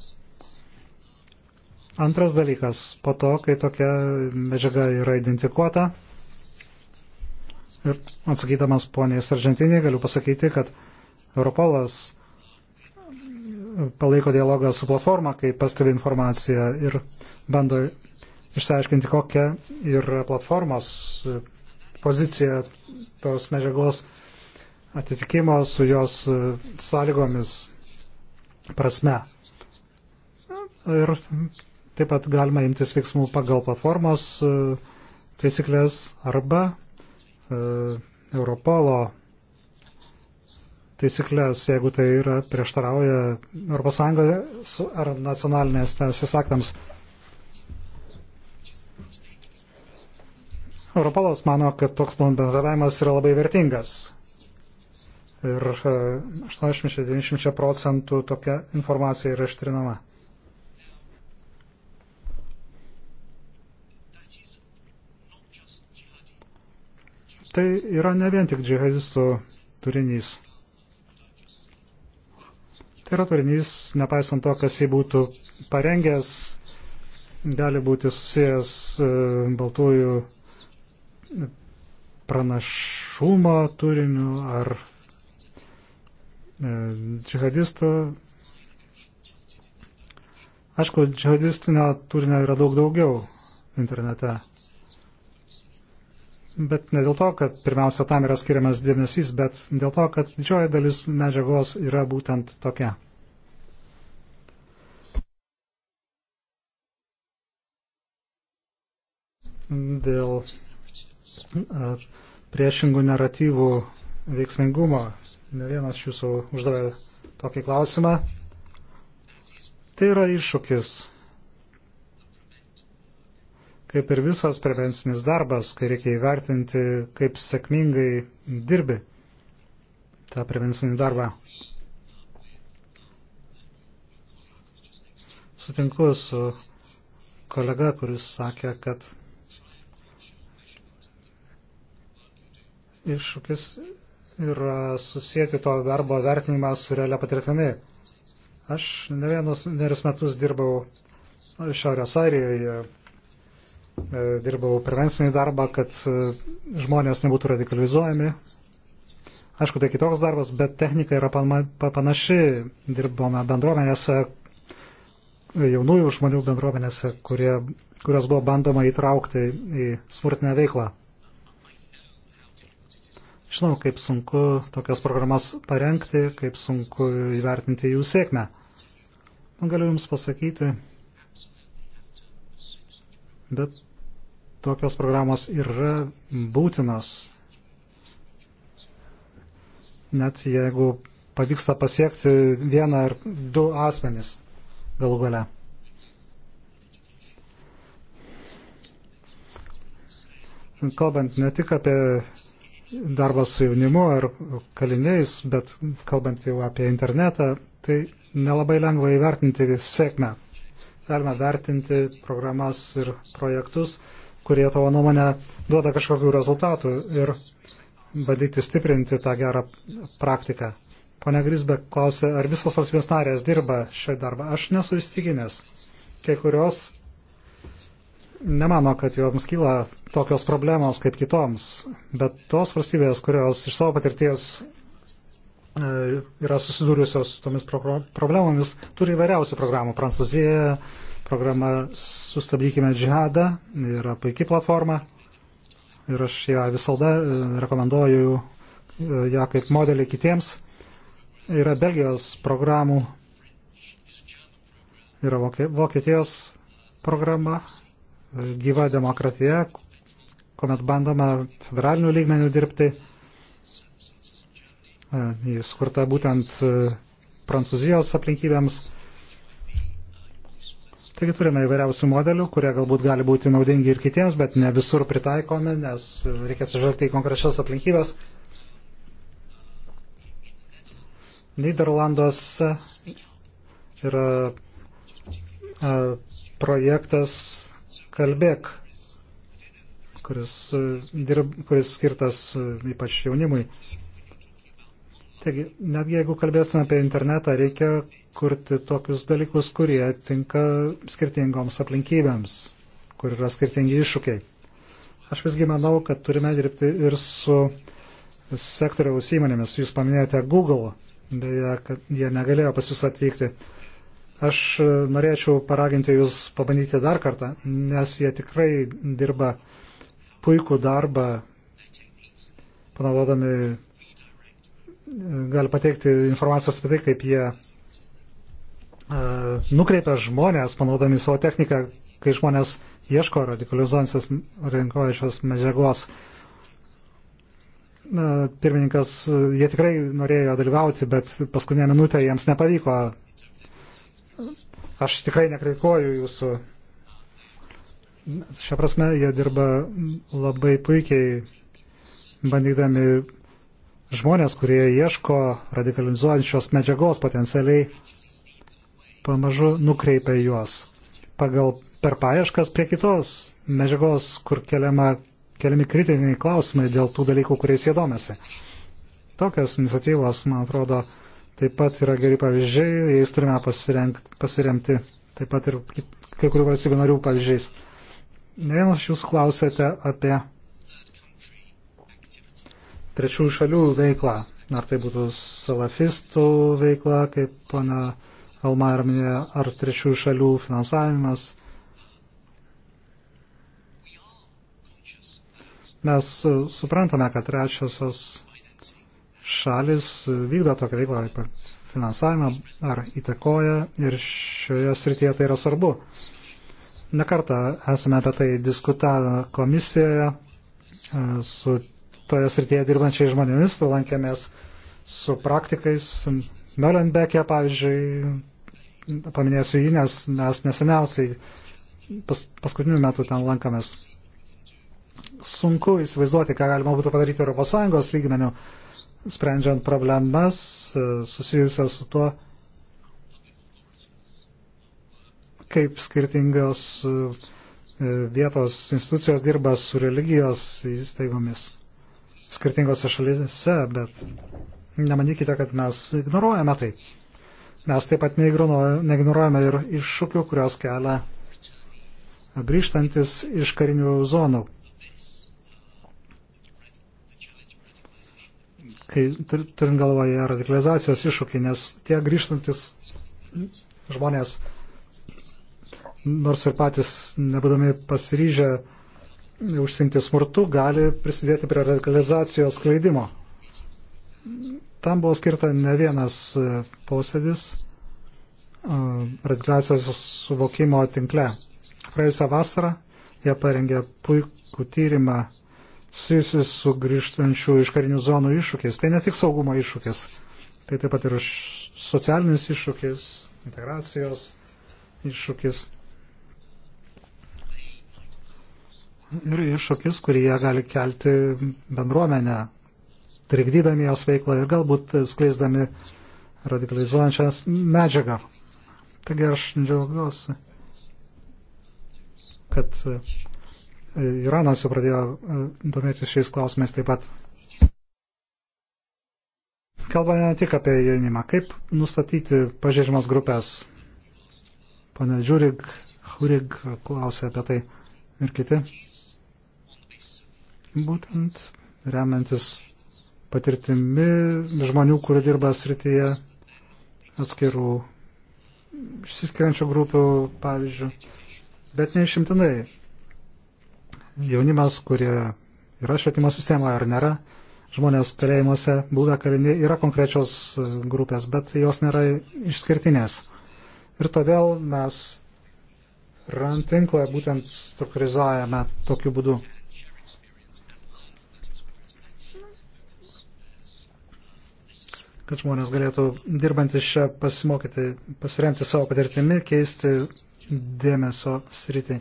Antras dalykas, po to, kai tokia medžiaga yra identifikuota, ir atsakydamas poniai Sargentinė, galiu pasakyti, kad Europolas palaiko dialogą su platforma, kai pastebi informaciją ir bando išsiaiškinti, kokia yra platformos pozicija tos medžiagos atitikimo su jos sąlygomis prasme. Ir Taip pat galima imtis veiksmų pagal platformos e, taisyklės arba e, Europolo taisyklės, jeigu tai yra prieštarauja ES ar nacionalinės teisės aktams. Europolas mano, kad toks bendradarbiavimas yra labai vertingas. Ir 80-90 e, procentų tokia informacija yra ištrinama. Tai yra ne vien tik džihadistų turinys. Tai yra turinys, nepaisant to, kas jį būtų parengęs, gali būti susijęs e, baltųjų pranašumo turiniu ar e, džihadistų. Aišku, džihadistinio turinio yra daug daugiau internete bet ne dėl to, kad pirmiausia tam yra skiriamas dėmesys, bet dėl to, kad didžioji dalis medžiagos yra būtent tokia. Dėl priešingų naratyvų veiksmingumo. Ne vienas jūsų uždavė tokį klausimą. Tai yra iššūkis kaip ir visas prevencinis darbas, kai reikia įvertinti, kaip sėkmingai dirbi tą prevencinį darbą. Sutinku su kolega, kuris sakė, kad iššūkis yra susijęti to darbo vertinimą su realia patirtimi. Aš ne vienus, ne vienus metus dirbau Šiaurės Airijoje E, dirbdavau prevencinį darbą, kad e, žmonės nebūtų radikalizuojami. Aišku, tai kitoks darbas, bet technika yra panaši. Dirbome bendruomenėse, jaunųjų žmonių bendruomenėse, kurie, kurios buvo bandoma įtraukti į smurtinę veiklą. Žinau, kaip sunku tokias programas parengti, kaip sunku įvertinti jų sėkmę. Galiu Jums pasakyti, bet tokios programos yra būtinos, net jeigu pavyksta pasiekti vieną ar du asmenys galų gale. Kalbant ne tik apie darbą su jaunimu ar kaliniais, bet kalbant jau apie internetą, tai nelabai lengva įvertinti sėkmę. Galime vertinti programas ir projektus kurie tavo nuomonę duoda kažkokių rezultatų ir bandyti stiprinti tą gerą praktiką. Pone Grisbek klausė, ar visos valstybės narės dirba šią darbą. Aš nesu įstikinęs. Kai kurios nemano, kad joms kyla tokios problemos kaip kitoms, bet tos valstybės, kurios iš savo patirties e, yra susidūrusios su tomis problemomis, turi įvairiausių programų. Prancūzija, programa Sustabdykime džihadą yra puikia platforma ir aš ją visada e, rekomenduoju e, ją kaip modelį kitiems. Yra Belgijos programų, yra Vokietijos programa e, Gyva demokratija, kuomet bandoma federalinių lygmenių dirbti. Jis skurta būtent Prancūzijos aplinkybėms Taigi turime įvairiausių modelių, kurie galbūt gali būti naudingi ir kitiems, bet ne visur pritaikome, nes reikės žvelgti į konkrečias aplinkybės. Niderlanduose yra a, projektas Kalbėk, kuris, dirb, kuris skirtas ypač jaunimui. Taigi, netgi jeigu kalbėsime apie internetą, reikia kurti tokius dalykus, kurie tinka skirtingoms aplinkybėms, kur yra skirtingi iššūkiai. Aš visgi manau, kad turime dirbti ir su sektoriaus įmonėmis. Jūs paminėjote Google, dėja, kad jie negalėjo pas jūs atvykti. Aš norėčiau paraginti jūs pabandyti dar kartą, nes jie tikrai dirba puikų darbą, panaudodami gali pateikti informacijos apie tai, kaip jie nukreipia žmonės, panaudami savo techniką, kai žmonės ieško radikalizuojančios rinkojančios medžiagos. Pirmininkas, jie tikrai norėjo dalyvauti, bet paskutinę minutę jiems nepavyko. Aš tikrai nekritikuoju jūsų. Šią prasme, jie dirba labai puikiai, bandydami žmonės, kurie ieško radikalizuojančios medžiagos potencialiai, pamažu nukreipia juos pagal, per paieškas prie kitos medžiagos, kur keliama, keliami kritiniai klausimai dėl tų dalykų, kuriais jie domisi. Tokios iniciatyvos, man atrodo, taip pat yra geri pavyzdžiai, jais turime pasiremti taip pat ir kai kurių valstybių narių pavyzdžiais. Ne vienas jūs klausėte apie trečiųjų šalių veiklą. Ar tai būtų salafistų veikla, kaip pana Almaira minėjo, ar trečiųjų šalių finansavimas. Mes suprantame, kad trečiosios šalis vykdo tokią veiklą, kaip finansavimą ar įtakoja ir šioje srityje tai yra svarbu. Nekartą esame apie tai diskutavę komisijoje e, su toje srityje dirbančiai žmonėmis, lankėmės su praktikais, Mölenbeke, pavyzdžiui, paminėsiu jį, nes mes neseniausiai pas, paskutiniu metu ten lankamės. Sunku įsivaizduoti, ką galima būtų padaryti ES lygmenių, sprendžiant problemas e, susijusias su tuo, kaip skirtingos e, vietos institucijos dirba su religijos įstaigomis skirtingose šalyse, bet nemanykite, kad mes ignoruojame tai. Mes taip pat neignoruojame ir iššūkių, kurios kelia grįžtantis iš karinių zonų. Kai turint galvoje radikalizacijos iššūkį, nes tie grįžtantis žmonės, nors ir patys nebūdami pasiryžę užsimti smurtu gali prisidėti prie radikalizacijos klaidimo. Tam buvo skirta ne vienas e, posėdis e, radikalizacijos suvokimo tinkle. Praėjusią vasarą jie parengė puikų tyrimą susijusi su grįžtančių iš karinių zonų iššūkiais. Tai ne tik saugumo iššūkis, tai taip pat ir socialinis iššūkis, integracijos iššūkis. ir iššūkius, kurį jie gali kelti bendruomenę, trikdydami jos veiklą ir galbūt skleisdami radikalizuojančias medžiagą. Taigi aš džiaugiuosi, kad e, Iranas jau pradėjo e, domėtis šiais klausimais taip pat. Kalbame ne tik apie jaunimą. Kaip nustatyti pažeidžiamas grupės? Pane Žiūrig, Hurig klausė apie tai ir kiti. Būtent remiantis patirtimi žmonių, kurie dirba srityje atskirų išsiskiriančių grupių pavyzdžių, bet neišimtinai. Jaunimas, kurie yra švietimo sistemoje ar nėra, žmonės kalėjimuose buvę kaliniai yra konkrečios grupės, bet jos nėra išskirtinės. Ir todėl mes RAN tinklą būtent struktūrizavome tokiu būdu. Kad žmonės galėtų dirbant iš čia pasimokyti, pasiremti savo patirtimi, keisti dėmesio sritį.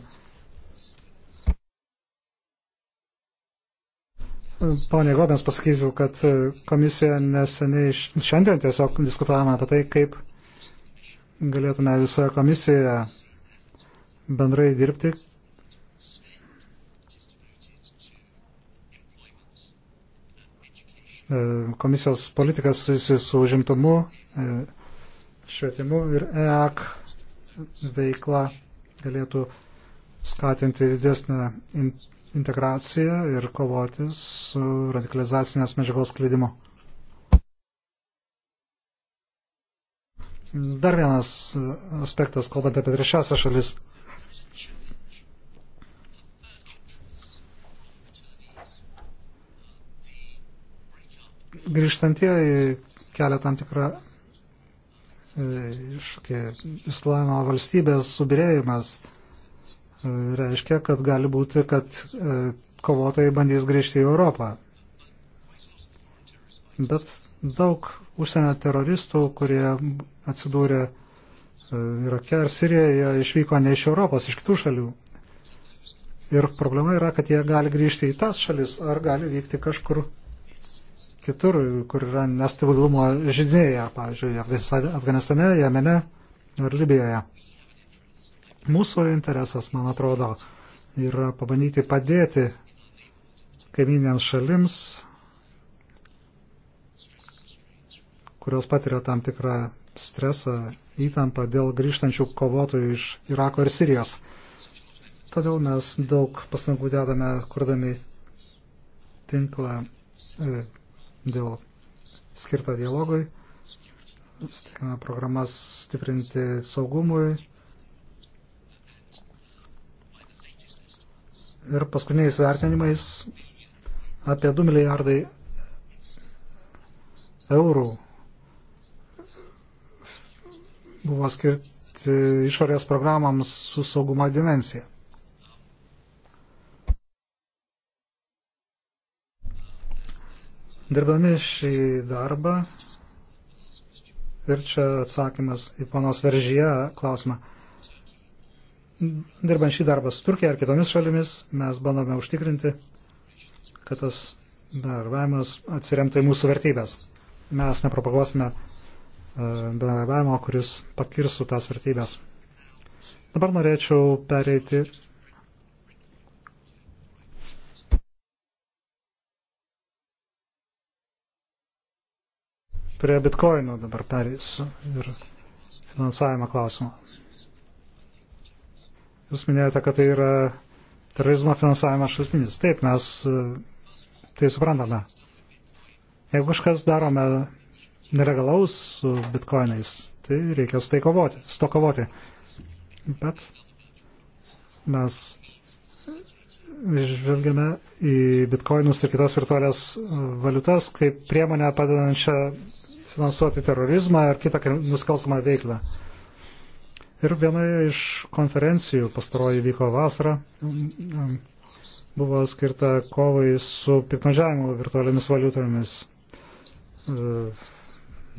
Pone Gobens pasakysiu, kad komisija neseniai šiandien tiesiog diskutavome apie tai, kaip galėtume visą komisiją bendrai dirbti. E, komisijos politika susijusi su užimtumu, e, švietimu ir EAC veikla galėtų skatinti didesnę integraciją ir kovoti su radikalizacinės medžiagos klydimu. Dar vienas aspektas, kalbant apie trečiasią šalis, Grįžtantieji kelia tam tikrą iššūkį. E, islamo valstybės subirėjimas e, reiškia, kad gali būti, kad e, kovotojai bandys grįžti į Europą. Bet daug užsienio teroristų, kurie atsidūrė E, Irake ir Sirijoje išvyko ne iš Europos, iš kitų šalių. Ir problema yra, kad jie gali grįžti į tas šalis ar gali vykti kažkur kitur, kur yra nestabilumo žydėja, pavyzdžiui, Afganistane, Jemene ar Libijoje. Mūsų interesas, man atrodo, yra pabandyti padėti kaiminėms šalims, kurios patiria tam tikrą stresą įtampą dėl grįžtančių kovotojų iš Irako ir Sirijos. Todėl mes daug pastangų dedame, kurdami tinklą e, dėl skirtą dialogui. Stikame programas stiprinti saugumui. Ir paskutiniais vertinimais apie 2 milijardai eurų buvo skirti išorės programams su saugumo dimensija. Dirbdami šį darbą, ir čia atsakymas į panos veržyje klausimą. Dirbant šį darbą su Turkija ar kitomis šalimis, mes bandome užtikrinti, kad tas darbavimas atsiremtų į mūsų vertybės. Mes nepropaguosime E, bendradarbiavimo, kuris pakirstų tas vertybės. Dabar norėčiau pereiti. Prie bitkoinų dabar pereisiu ir finansavimo klausimą. Jūs minėjote, kad tai yra terorizmo finansavimo šaltinis. Taip, mes e, tai suprantame. Jeigu kažkas darome nelegalaus su bitkoinais, tai reikia su tai kovoti, su to kovoti. Bet mes žvelgiame į bitkoinus ir kitas virtualias valiutas kaip priemonę padedančią finansuoti terorizmą ar kitą nusikalstamą veiklą. Ir vienoje iš konferencijų pastaroji vyko vasarą buvo skirta kovai su piknaudžiavimu virtualiomis valiutomis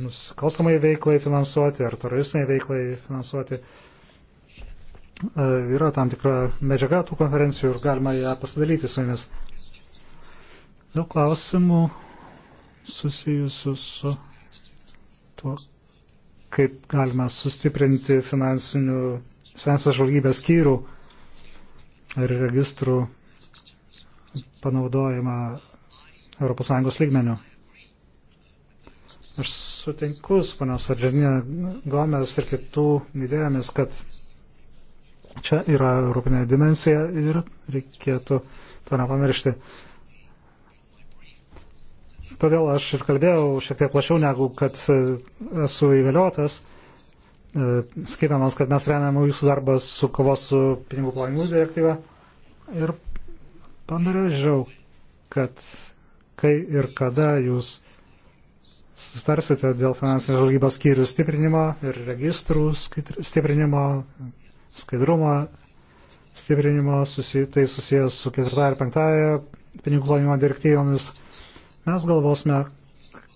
nuskalstamai veiklai finansuoti ar teroristiniai veiklai finansuoti. E, yra tam tikra medžiaga tų konferencijų ir galima ją pasidalyti su jumis. Daug klausimų susijusių su tuo, kaip galima sustiprinti finansinių, finansinės žvalgybės skyrių ar registrų panaudojimą ES lygmenių. Aš sutinku su panios Arženė Gomes ir kitų idėjomis, kad čia yra europinė dimensija ir reikėtų to nepamiršti. Todėl aš ir kalbėjau šiek tiek plačiau negu kad e, esu įgaliotas, e, skaitamas, kad mes remiame jūsų darbą su kovos su pinigų plovimu direktyva ir pamirėžiau, kad kai ir kada jūs sustarsite dėl finansinės žvalgybos skyrių stiprinimo ir registrų stiprinimo, skaidrumo stiprinimo, susi, tai susijęs su ketvirtąją ir penktąją pinigų plovimo direktyvomis, mes galvosime,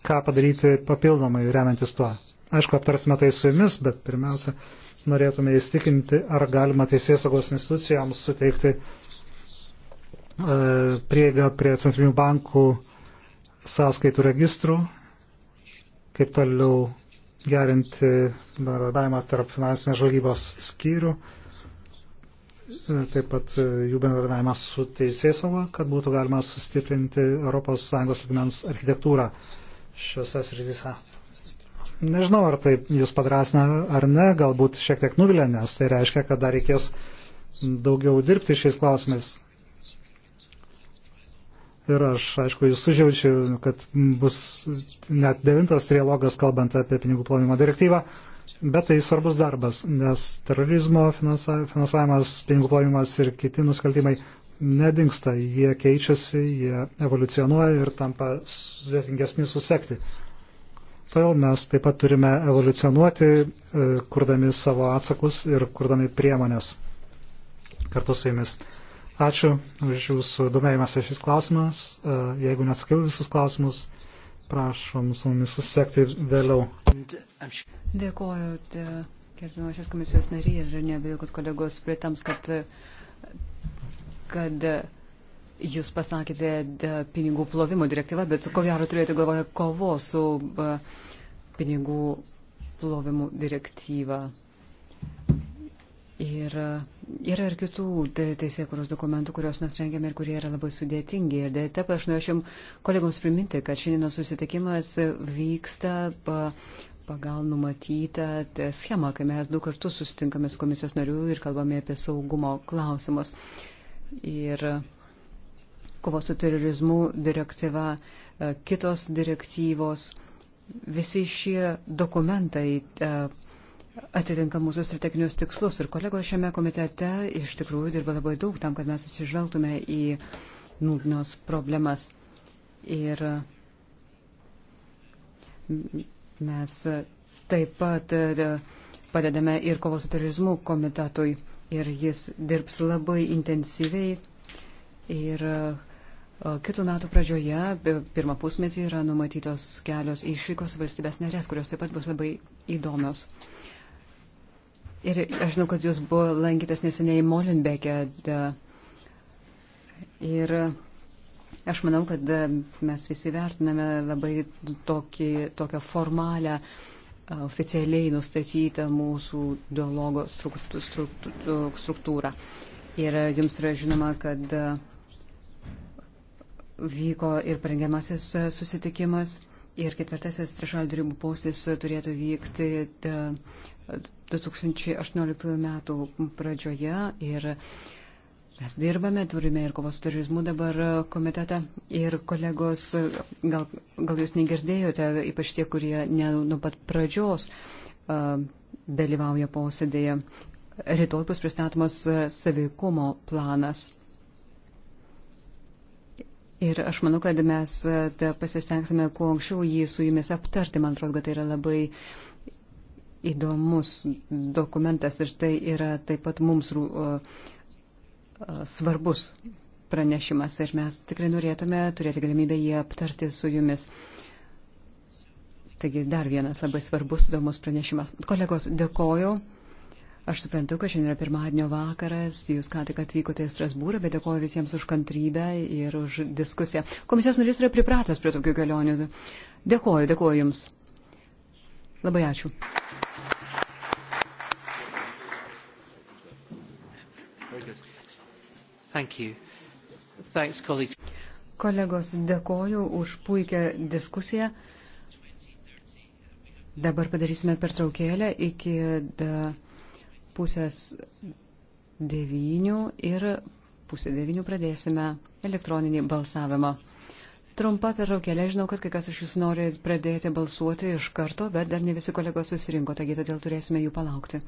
ką padaryti papildomai remiantis tuo. Aišku, aptarsime tai su jumis, bet pirmiausia, norėtume įstikinti, ar galima teisėsaugos institucijoms suteikti e, prieigą prie centrinių bankų sąskaitų registrų kaip toliau gerinti bendradarbiavimą tarp finansinės žvalgybos skyrių, taip pat jų bendradarbiavimą su teisėsauga, kad būtų galima sustiprinti ES lygmens architektūrą šiuose srityse. Nežinau, ar tai jūs padrasina ar ne, galbūt šiek tiek nuvilė, nes tai reiškia, kad dar reikės daugiau dirbti šiais klausimais. Ir aš, aišku, jūs sužiaučiu, kad bus net devintas trialogas, kalbant apie pinigų plovimo direktyvą, bet tai svarbus darbas, nes terorizmo finansavimas, pinigų plovimas ir kiti nusikaltimai nedingsta, jie keičiasi, jie evoliucionuoja ir tampa sudėtingesni susekti. Todėl mes taip pat turime evoliucionuoti, e, kurdami savo atsakus ir kurdami priemonės kartu su jumis. Ačiū už jūsų domėjimąsi šis klausimas. E, jeigu nesakiau visus klausimus, prašom su mumis susiekti vėliau. Dėkuoju, gerbiamasis komisijos nariai ir nebejoju, kad kolegos pritams, kad, kad jūs pasakėte pinigų plovimo direktyvą, bet ko gero turėjote galvoje kovo su e, pinigų plovimų direktyvą. Ir e, yra ir kitų teisėkuros dokumentų, kuriuos mes rengiame ir kurie yra labai sudėtingi. Ir dėl taip aš norėčiau kolegoms priminti, kad šiandienos susitikimas vyksta pagal numatytą schemą, kai mes du kartus susitinkame su komisijos nariu ir kalbame apie saugumo klausimus. Ir e, kovos su terorizmu direktyva, e, kitos direktyvos, visi šie dokumentai. Uh, atitinka mūsų strateginius tikslus. Ir kolegos šiame komitete iš tikrųjų dirba labai daug tam, kad mes atsižvelgtume į nūdnos problemas. Ir mes taip pat e, padedame ir kovos su turizmu komitetui. Ir jis dirbs labai intensyviai. Ir e, Kitų metų pradžioje, e, pirmą pusmetį, yra numatytos kelios išvykos valstybės narės, kurios taip pat bus labai įdomios. Ir aš žinau, kad jūs buvo lankytas neseniai Molenbeke. Ir aš manau, kad mes visi vertiname labai tokį, tokią formalią, oficialiai nustatytą mūsų dialogo struktūrą. Ir jums yra žinoma, kad vyko ir parengiamasis susitikimas. Ir ketvirtasis trišalių darybų postis turėtų vykti 2018 e, metų pradžioje. Ir mes dirbame, turime ir kovos su turizmu dabar komitetą. Ir kolegos, gal, gal jūs negirdėjote, ypač tie, kurie ne nuo pat pradžios e, dalyvauja posėdėje. Rytoj bus pristatomas e, saveikumo planas. Ir aš manau, kad mes e, pasistengsime kuo anksčiau jį su jumis aptarti. Man atrodo, kad tai yra labai įdomus dokumentas ir tai yra taip pat mums rū, svarbus pranešimas ir mes tikrai norėtume turėti galimybę jį aptarti su jumis. Taigi dar vienas labai svarbus, įdomus pranešimas. Kolegos, dėkoju. Aš suprantu, kad šiandien yra pirmadienio vakaras, jūs ką tik atvykote į Strasbūrą, bet dėkoju visiems už kantrybę ir už diskusiją. Komisijos narys yra pripratęs prie tokių kelionių. Dėkoju, dėkoju Jums. Labai ačiū. Thank you. Thanks, colleagues. Kolegos, dėkoju už puikią diskusiją. Dabar padarysime pertraukėlę iki... Da pusės devynių ir pusė devynių pradėsime elektroninį balsavimą. Trumpa perraukėlė, žinau, kad kai kas iš jūsų nori pradėti balsuoti iš karto, bet dar ne visi kolegos susirinko, taigi todėl turėsime jų palaukti.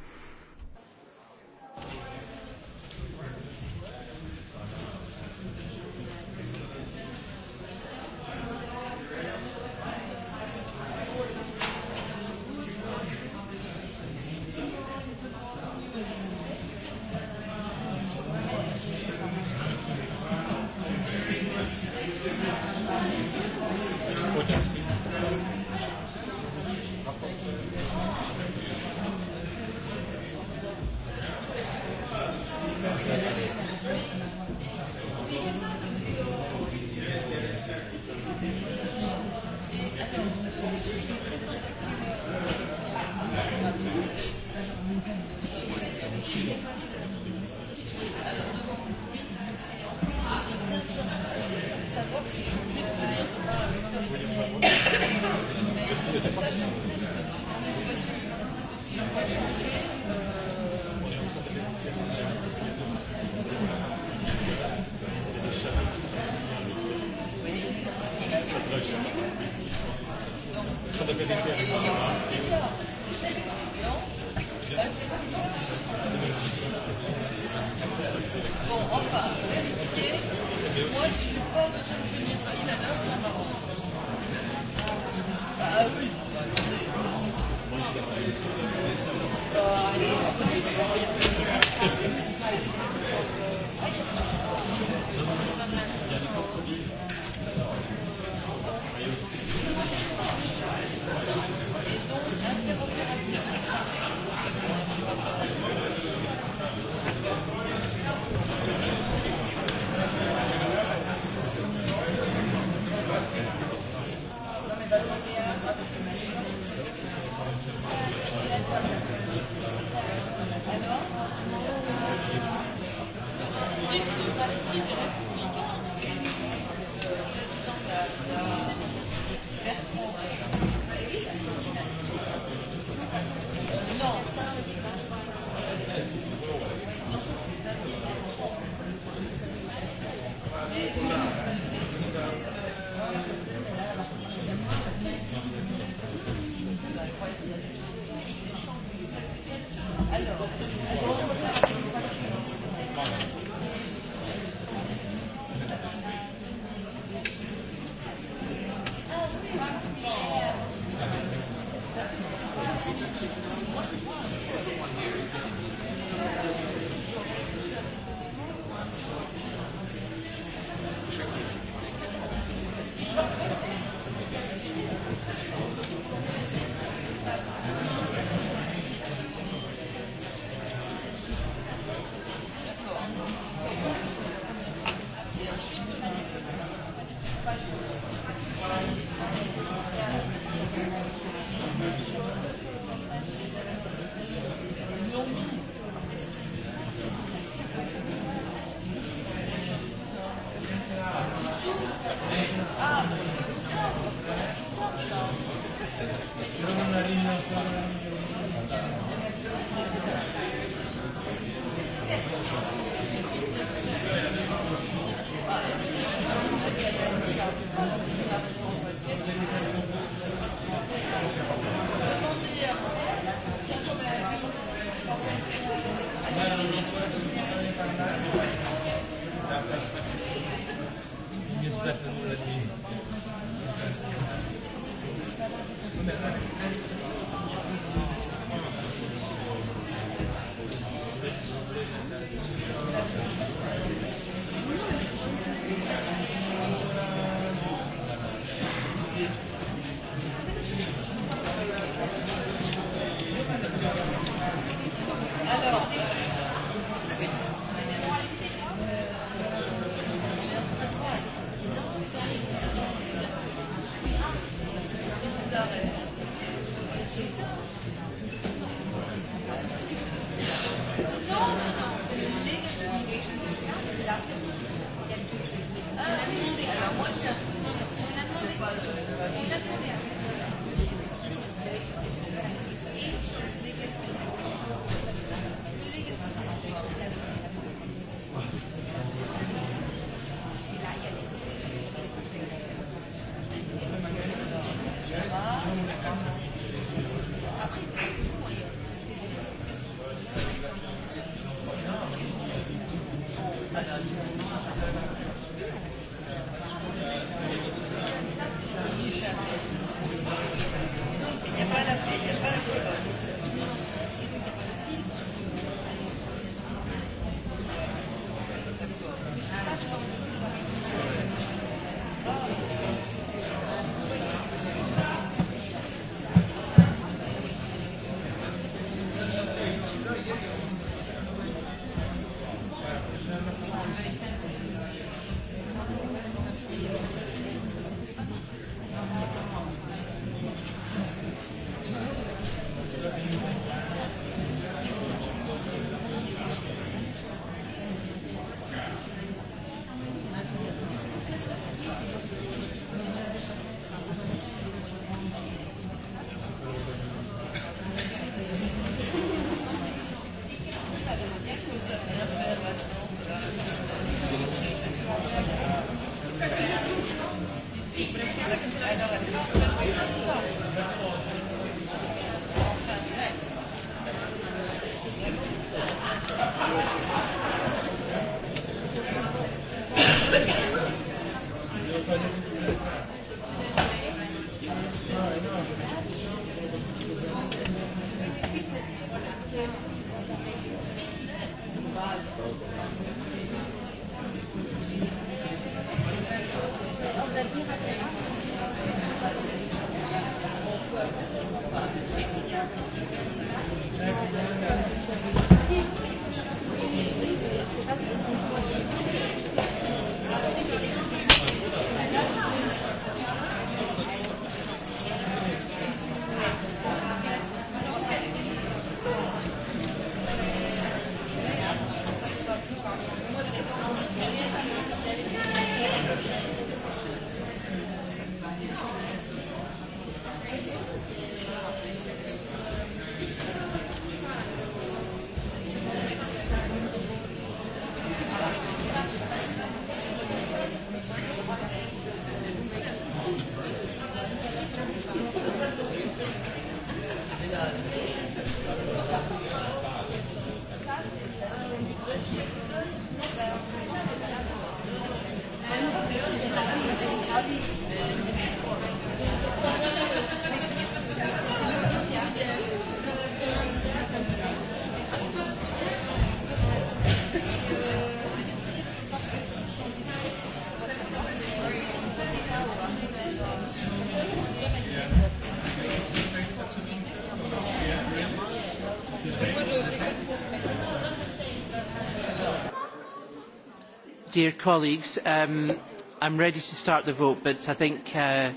Dear colleagues, um, I'm ready to start the vote, but I think. Uh...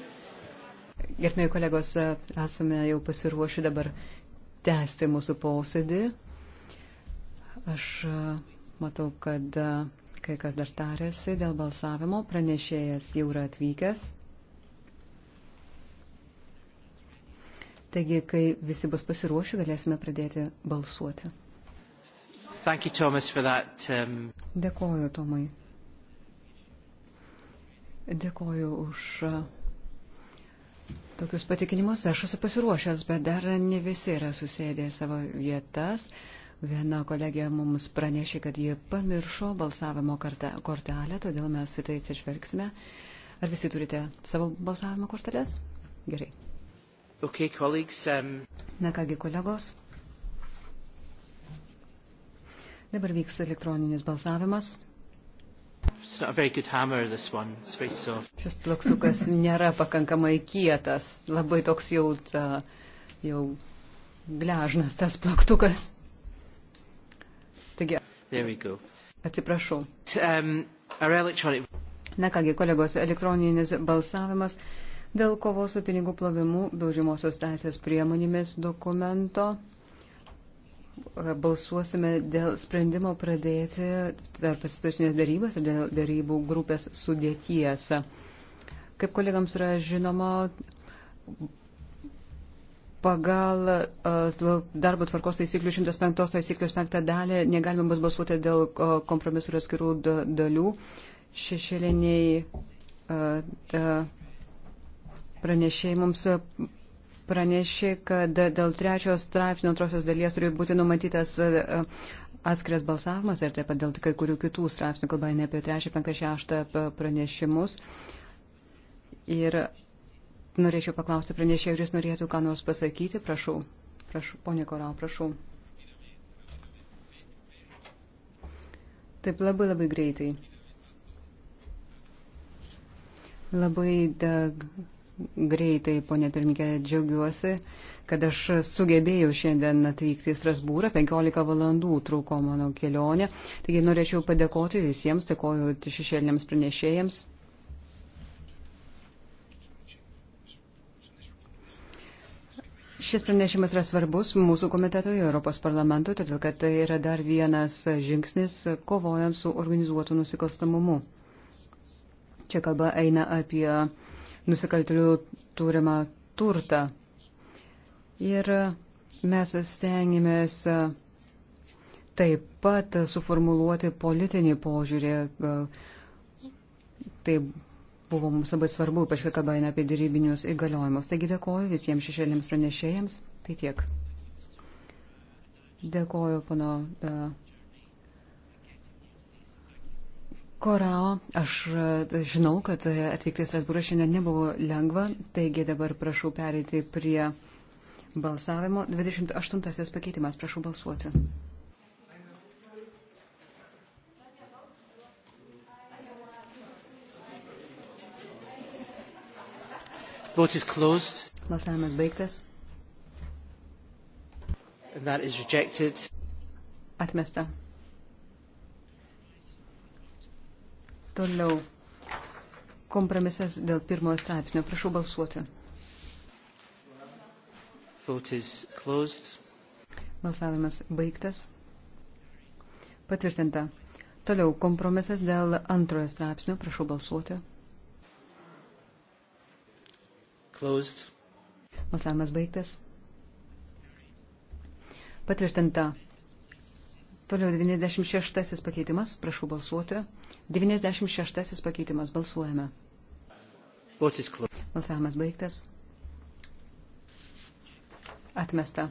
Gerbėjai kolegos, esame jau pasiruošę dabar tęsti mūsų posėdį. Aš uh, matau, kad uh, kai kas dar tarėsi dėl balsavimo, pranešėjas jau yra atvykęs. Taigi, kai visi bus pasiruošę, galėsime pradėti balsuoti. You, Thomas, that, um... Dėkoju, Tomai. Dėkoju už e, tokius patikinimus. Aš esu pasiruošęs, bet dar ne visi yra susėdę savo vietas. Viena kolegija mums pranešė, kad jie pamiršo balsavimo kortelę, todėl mes į tai atsižvelgsime. Ar visi turite savo balsavimo korteles? Gerai. Okay, colleagues, um... Na kągi, kolegos. Dabar vyks elektroninis balsavimas. Hammer, Šis plaksukas nėra pakankamai kietas, labai toks jau, ta, jau gležnas tas plaktukas. Taigi, atsiprašau. Um, electronic... Na kągi, kolegos, elektroninis balsavimas dėl kovos su pinigų plovimu, daužimosios teisės priemonėmis dokumento balsuosime dėl sprendimo pradėti tarp pasiturinės darybas ir dėl darybų grupės sudėties. Kaip kolegams yra žinoma, pagal darbo tvarkos taisyklių 105 taisyklės 5 dalį negalima bus balsuoti dėl kompromisų ir atskirų dalių. Šešėliniai pranešėjai mums pranešė, kad dėl trečios straipsnio antrosios dalies turi būti numatytas e, atskiras balsavimas ir taip pat dėl kai kurių kitų straipsnių, kalba ne apie trečią, penktą, šeštą pranešimus. Ir norėčiau paklausti pranešėjų, ar jis norėtų ką nors pasakyti, prašau. Prašau, ponė Korau, prašau. Taip labai labai greitai. Labai dag. De greitai, ponė pirmininkė, džiaugiuosi, kad aš sugebėjau šiandien atvykti į Strasbūrą, 15 valandų trūko mano kelionė. Taigi norėčiau padėkoti visiems, dėkoju šešėliniams pranešėjams. Šis pranešimas yra svarbus mūsų komitetui, Europos parlamentui, todėl kad tai yra dar vienas žingsnis kovojant su organizuotu nusikalstamumu. Čia kalba eina apie uh, nusikaltelių turimą turtą. Ir mes stengiamės taip pat suformuluoti politinį požiūrį. Tai buvo mums labai svarbu, ypač kai kalbame apie dėrybinius įgaliojimus. Taigi dėkoju visiems šešėlėms pranešėjams. Tai tiek. Dėkoju, pano. Uh, e, Korao, aš e, žinau, kad e, atvykti į Strasbūrą šiandien nebuvo lengva, taigi dabar prašau pereiti prie balsavimo. 28 pakeitimas, prašau balsuoti. Balsavimas baigtas. Atmesta. Toliau. Kompromisas dėl pirmojo straipsnio. Prašau balsuoti. Balsavimas baigtas. Patvirtinta. Toliau kompromisas dėl antrojo straipsnio. Prašau balsuoti. Closed. Balsavimas baigtas. Patvirtinta. Toliau 96 pakeitimas. Prašau balsuoti. 96 pakeitimas. Balsuojame. Balsavimas baigtas. Atmesta.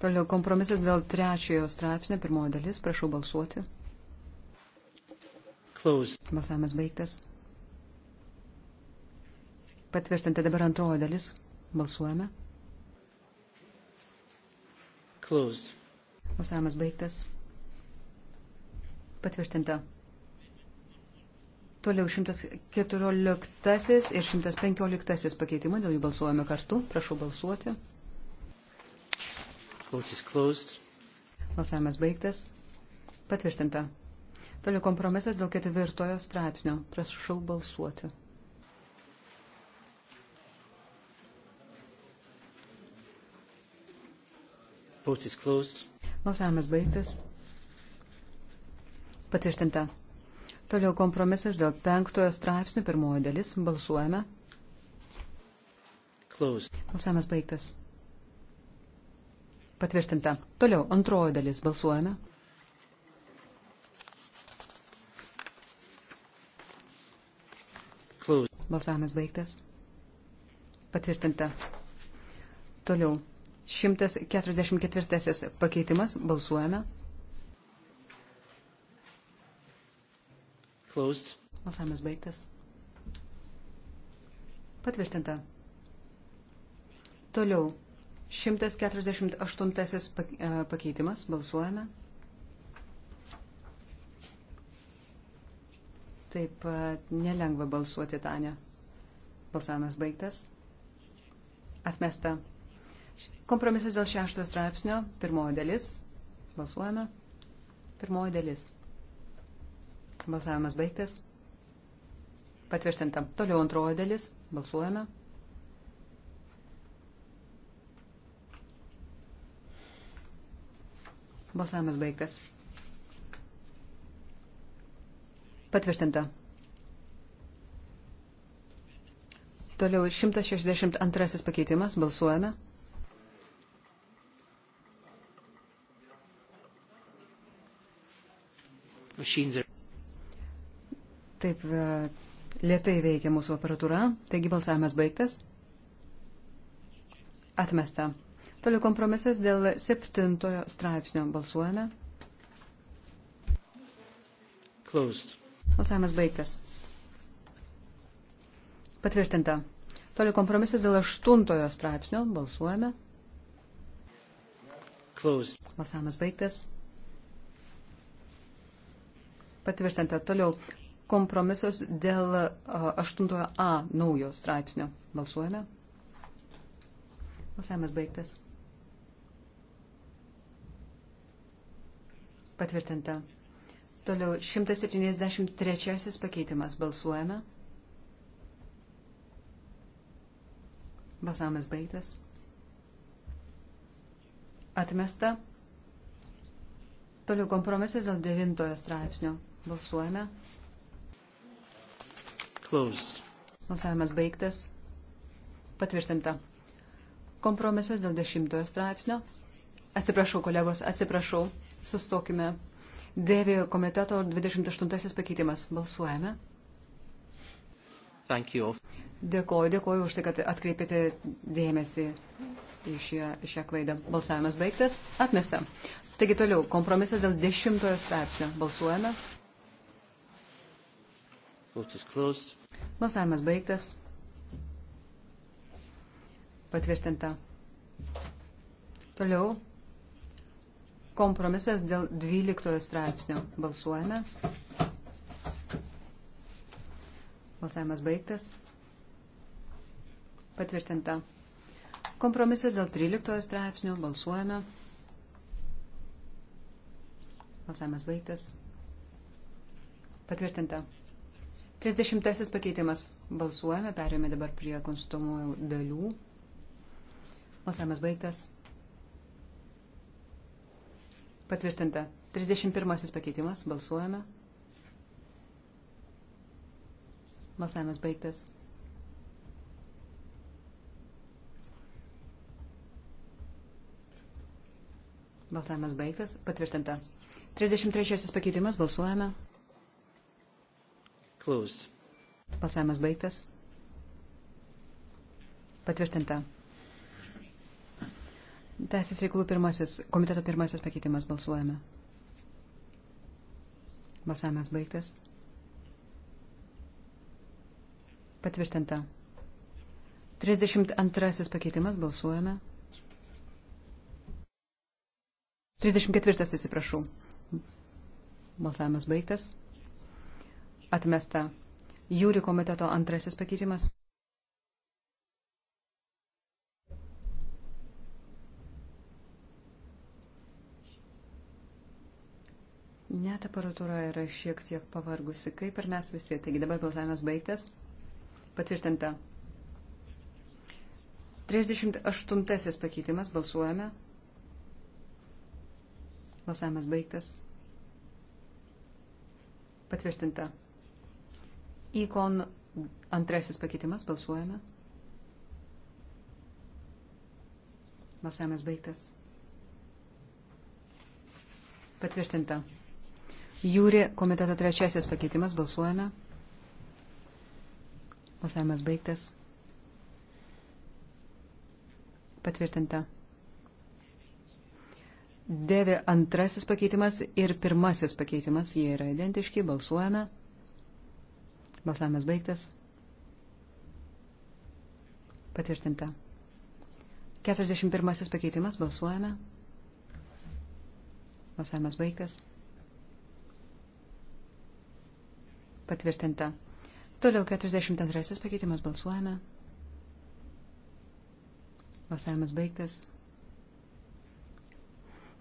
Toliau kompromisas dėl trečiojo straipsnio, pirmoji dalis, prašau balsuoti. Closed. Balsavimas baigtas. Patvirtinta dabar antroji dalis. Balsuojame. Closed. Balsavimas baigtas. Patvirtinta. Toliau 114 ir 115 pakeitimai, dėl jų balsuojame kartu. Prašau balsuoti. Balsavimas baigtas. Patvirtinta. Toliau kompromisas dėl ketvirtojo straipsnio. Prašau balsuoti. Balsavimas baigtas. Patvirtinta. Toliau kompromisas dėl penktojo straipsnio pirmojo dalis. Balsuojame. Closed. Balsavimas baigtas. Patvirtinta. Toliau antrojo dalis. Balsuojame. Closed. Balsavimas baigtas. Patvirtinta. Toliau. 144 pakeitimas. Balsuojame. closed. Balsavimas baigtas. Patvirtinta. Toliau. 148 e, pakeitimas. Balsuojame. Taip pat nelengva balsuoti, Tane. Balsavimas baigtas. Atmesta. Kompromisas dėl šešto straipsnio. Pirmoji dalis. Balsuojame. Pirmoji dalis. Balsavimas baigtas. Patvirtinta. Toliau antroji dalis. Balsuojame. Balsavimas baigtas. Patvirtinta. Toliau 162 pakeitimas. Balsuojame. Machines are... Taip, e, lietai veikia mūsų aparatūra, taigi balsavimas baigtas. Atmesta. Toliau kompromisas dėl septintojo straipsnio. Balsuojame. Closed. Balsavimas baigtas. Patvirtinta. Toliau kompromisas dėl aštuntojo straipsnio. Balsuojame. Closed. Balsavimas baigtas. Patvirtinta. Toliau kompromisas dėl 8a naujo straipsnio. Balsuojame. Balsavimas baigtas. Patvirtinta. Toliau 173 pakeitimas. Balsuojame. Balsavimas baigtas. Atmesta. Toliau kompromisas dėl devintojo straipsnio. Balsuojame. Close. Balsavimas baigtas. Patvirtinta. Kompromisas dėl dešimtojo straipsnio. Atsiprašau, kolegos, atsiprašau. Sustokime. Dėvi komiteto 28 pakeitimas. Balsuojame. Dėkoju, dėkoju už tai, kad atkreipėte dėmesį į šią, šią klaidą. Balsavimas baigtas. Atmesta. Taigi toliau. Kompromisas dėl dešimtojo straipsnio. Balsuojame. Balsavimas baigtas. Patvirtinta. Toliau. Kompromisas dėl 12 straipsnio. Balsuojame. Balsavimas baigtas. Patvirtinta. Kompromisas dėl 13 straipsnio. Balsuojame. Balsavimas baigtas. Patvirtinta. 30 pakeitimas. Balsuojame, perėjome dabar prie konstitucijų dalių. Balsavimas baigtas. Patvirtinta. 31 pakeitimas. Balsuojame. Balsavimas baigtas. Balsavimas baigtas. Patvirtinta. 33 pakeitimas. Balsuojame. Closed. Balsavimas baigtas. Patvirtinta. Teisės reikalų pirmasis, komiteto pirmasis pakeitimas balsuojame. Balsavimas baigtas. Patvirtinta. 32 pakeitimas balsuojame. 34 atsiprašau. Balsavimas baigtas. Atmesta. Jūri komiteto antrasis pakeitimas. Net aparatūra yra šiek tiek pavargusi, kaip ir mes visi. Taigi dabar balsavimas baigtas. Patvirtinta. 38 pakeitimas. Balsuojame. Balsavimas baigtas. Patvirtinta. Ikon antrasis pakeitimas, balsuojame. Balsavimas baigtas. Patvirtinta. Jūri komiteto trečiasis pakeitimas, balsuojame. Balsavimas baigtas. Patvirtinta. Dėvi antrasis pakeitimas ir pirmasis pakeitimas, jie yra identiški, balsuojame. Balsavimas baigtas. Patvirtinta. 41 pakeitimas. Balsuojame. Balsavimas baigtas. Patvirtinta. Toliau 42 pakeitimas. Balsuojame. Balsavimas baigtas.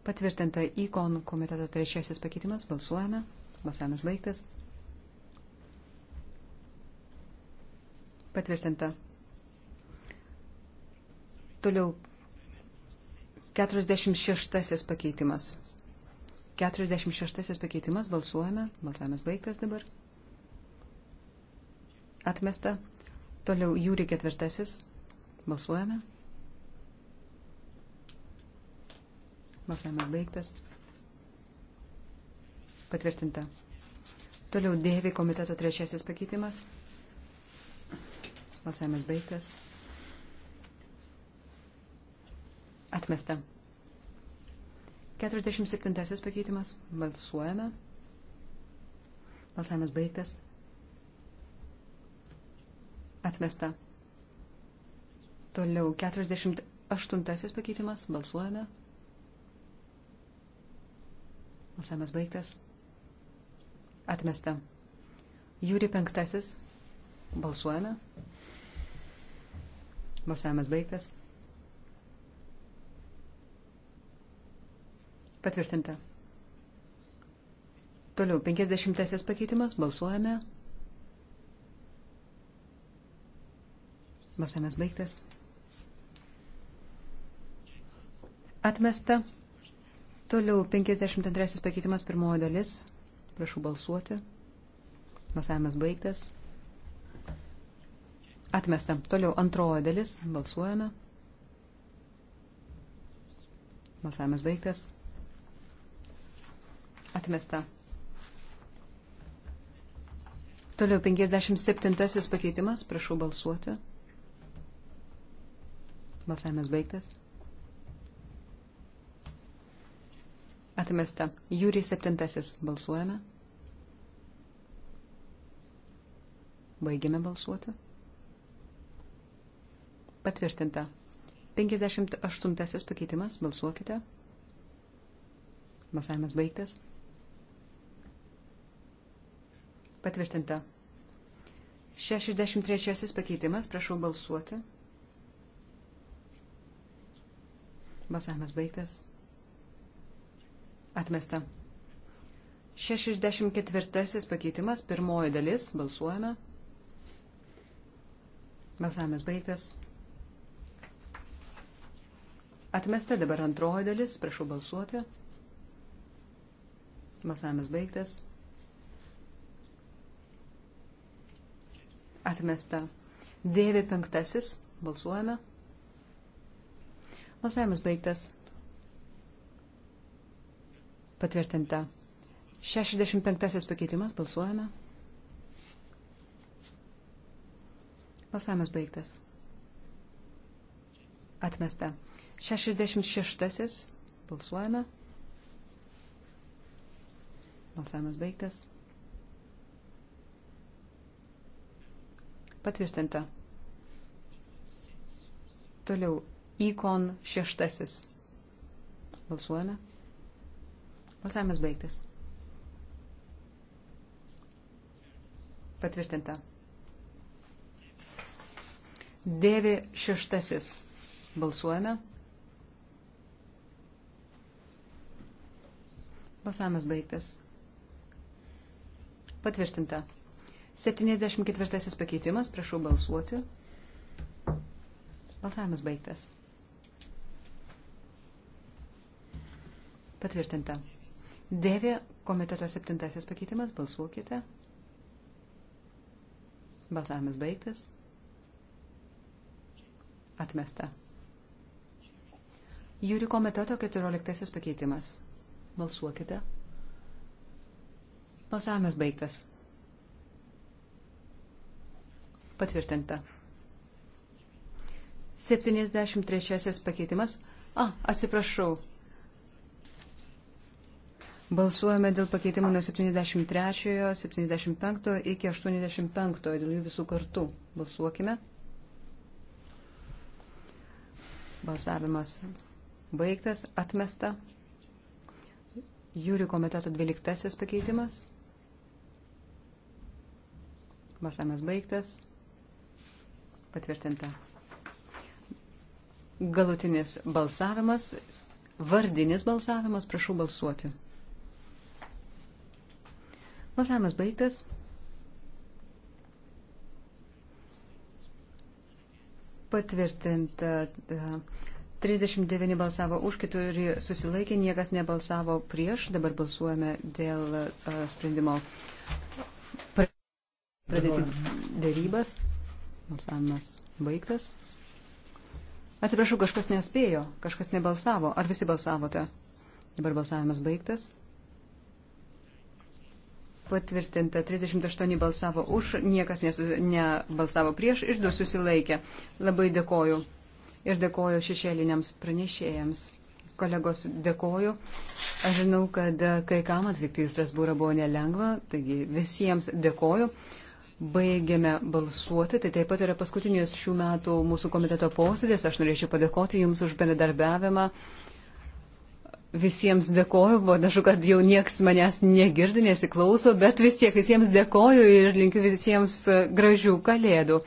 Patvirtinta įkonų komiteto trečiasis pakeitimas. Balsuojame. Balsavimas baigtas. Patvirtinta. Toliau 46 pakeitimas. 46 pakeitimas, balsuojame, balsavimas baigtas dabar. Atmesta. Toliau jūri ketvirtasis, balsuojame. Balsavimas baigtas. Patvirtinta. Toliau dėvi komiteto trečiasis pakeitimas. Balsavimas baigtas. Atmesta. 47 pakeitimas. Balsuojame. Balsavimas baigtas. Atmesta. Toliau 48 pakeitimas. Balsuojame. Balsavimas baigtas. Atmesta. Jūri penktasis. Balsuojame. Balsavimas baigtas. Patvirtinta. Toliau, 50 pakeitimas, balsuojame. Balsavimas baigtas. Atmesta. Toliau, 52 pakeitimas, pirmoji dalis. Prašau balsuoti. Balsavimas baigtas. Atmestam. Toliau antroji dalis. Balsuojame. Balsavimas baigtas. Atmesta. Toliau 57 pakeitimas. Prašau balsuoti. Balsavimas baigtas. Atmesta. Jūri 7 balsuojame. Baigėme balsuoti. Patvirtinta. 58 pakeitimas. Balsuokite. Balsavimas baigtas. Patvirtinta. 63 pakeitimas. Prašau balsuoti. Balsavimas baigtas. Atmesta. 64 pakeitimas. Pirmoji dalis. Balsuojame. Balsavimas baigtas. Atmesta dabar antroji dalis, prašau balsuoti. Balsavimas baigtas. Atmesta. Dėvė penktasis, balsuojame. Balsavimas baigtas. Patvirtinta. 65 pakeitimas, balsuojame. Balsavimas baigtas. Atmesta. 66. Balsuojame. Balsavimas baigtas. Patvirtinta. Toliau. Ikon šeštasis. Balsuojame. Balsavimas baigtas. Patvirtinta. Dėvi šeštasis. Balsuojame. Balsavimas baigtas. Patvirtinta. 74 pakeitimas, prašau balsuoti. Balsavimas baigtas. Patvirtinta. Dėvė komiteto septintasis pakeitimas, balsuokite. Balsavimas baigtas. Atmesta. Jūri komiteto keturioliktasis pakeitimas. Balsuokite. Balsavimas baigtas. Patvirtinta. 73 pakeitimas. A, atsiprašau. Balsuojame dėl pakeitimų nuo 73, 75 iki 85, dėl jų visų kartų. Balsuokime. Balsavimas baigtas, atmesta. Jūrių komiteto 12 pakeitimas. Balsavimas baigtas. Patvirtinta. Galutinis balsavimas, vardinis balsavimas, prašau balsuoti. Balsavimas baigtas. Patvirtinta. Uh, 39 balsavo už, keturi susilaikė, niekas nebalsavo prieš. Dabar balsuojame dėl uh, sprendimo pradėti darybas. Balsavimas baigtas. Atsiprašau, kažkas nespėjo, kažkas nebalsavo. Ar visi balsavote? Dabar balsavimas baigtas. Patvirtinta, 38 balsavo už, niekas nesu, nebalsavo prieš, iš du susilaikė. Labai dėkoju ir dėkoju šešėliniams pranešėjams. Kolegos, dėkoju. Aš žinau, kad kai kam atvykti į Strasbūrą buvo nelengva, taigi visiems dėkoju. Baigėme balsuoti, tai taip pat yra paskutinis šių metų mūsų komiteto posėdis. Aš norėčiau padėkoti Jums už bendradarbiavimą. Visiems dėkoju, panašu, kad jau nieks manęs negirdi, nesiklauso, bet vis tiek visiems dėkoju ir linkiu visiems gražių kalėdų.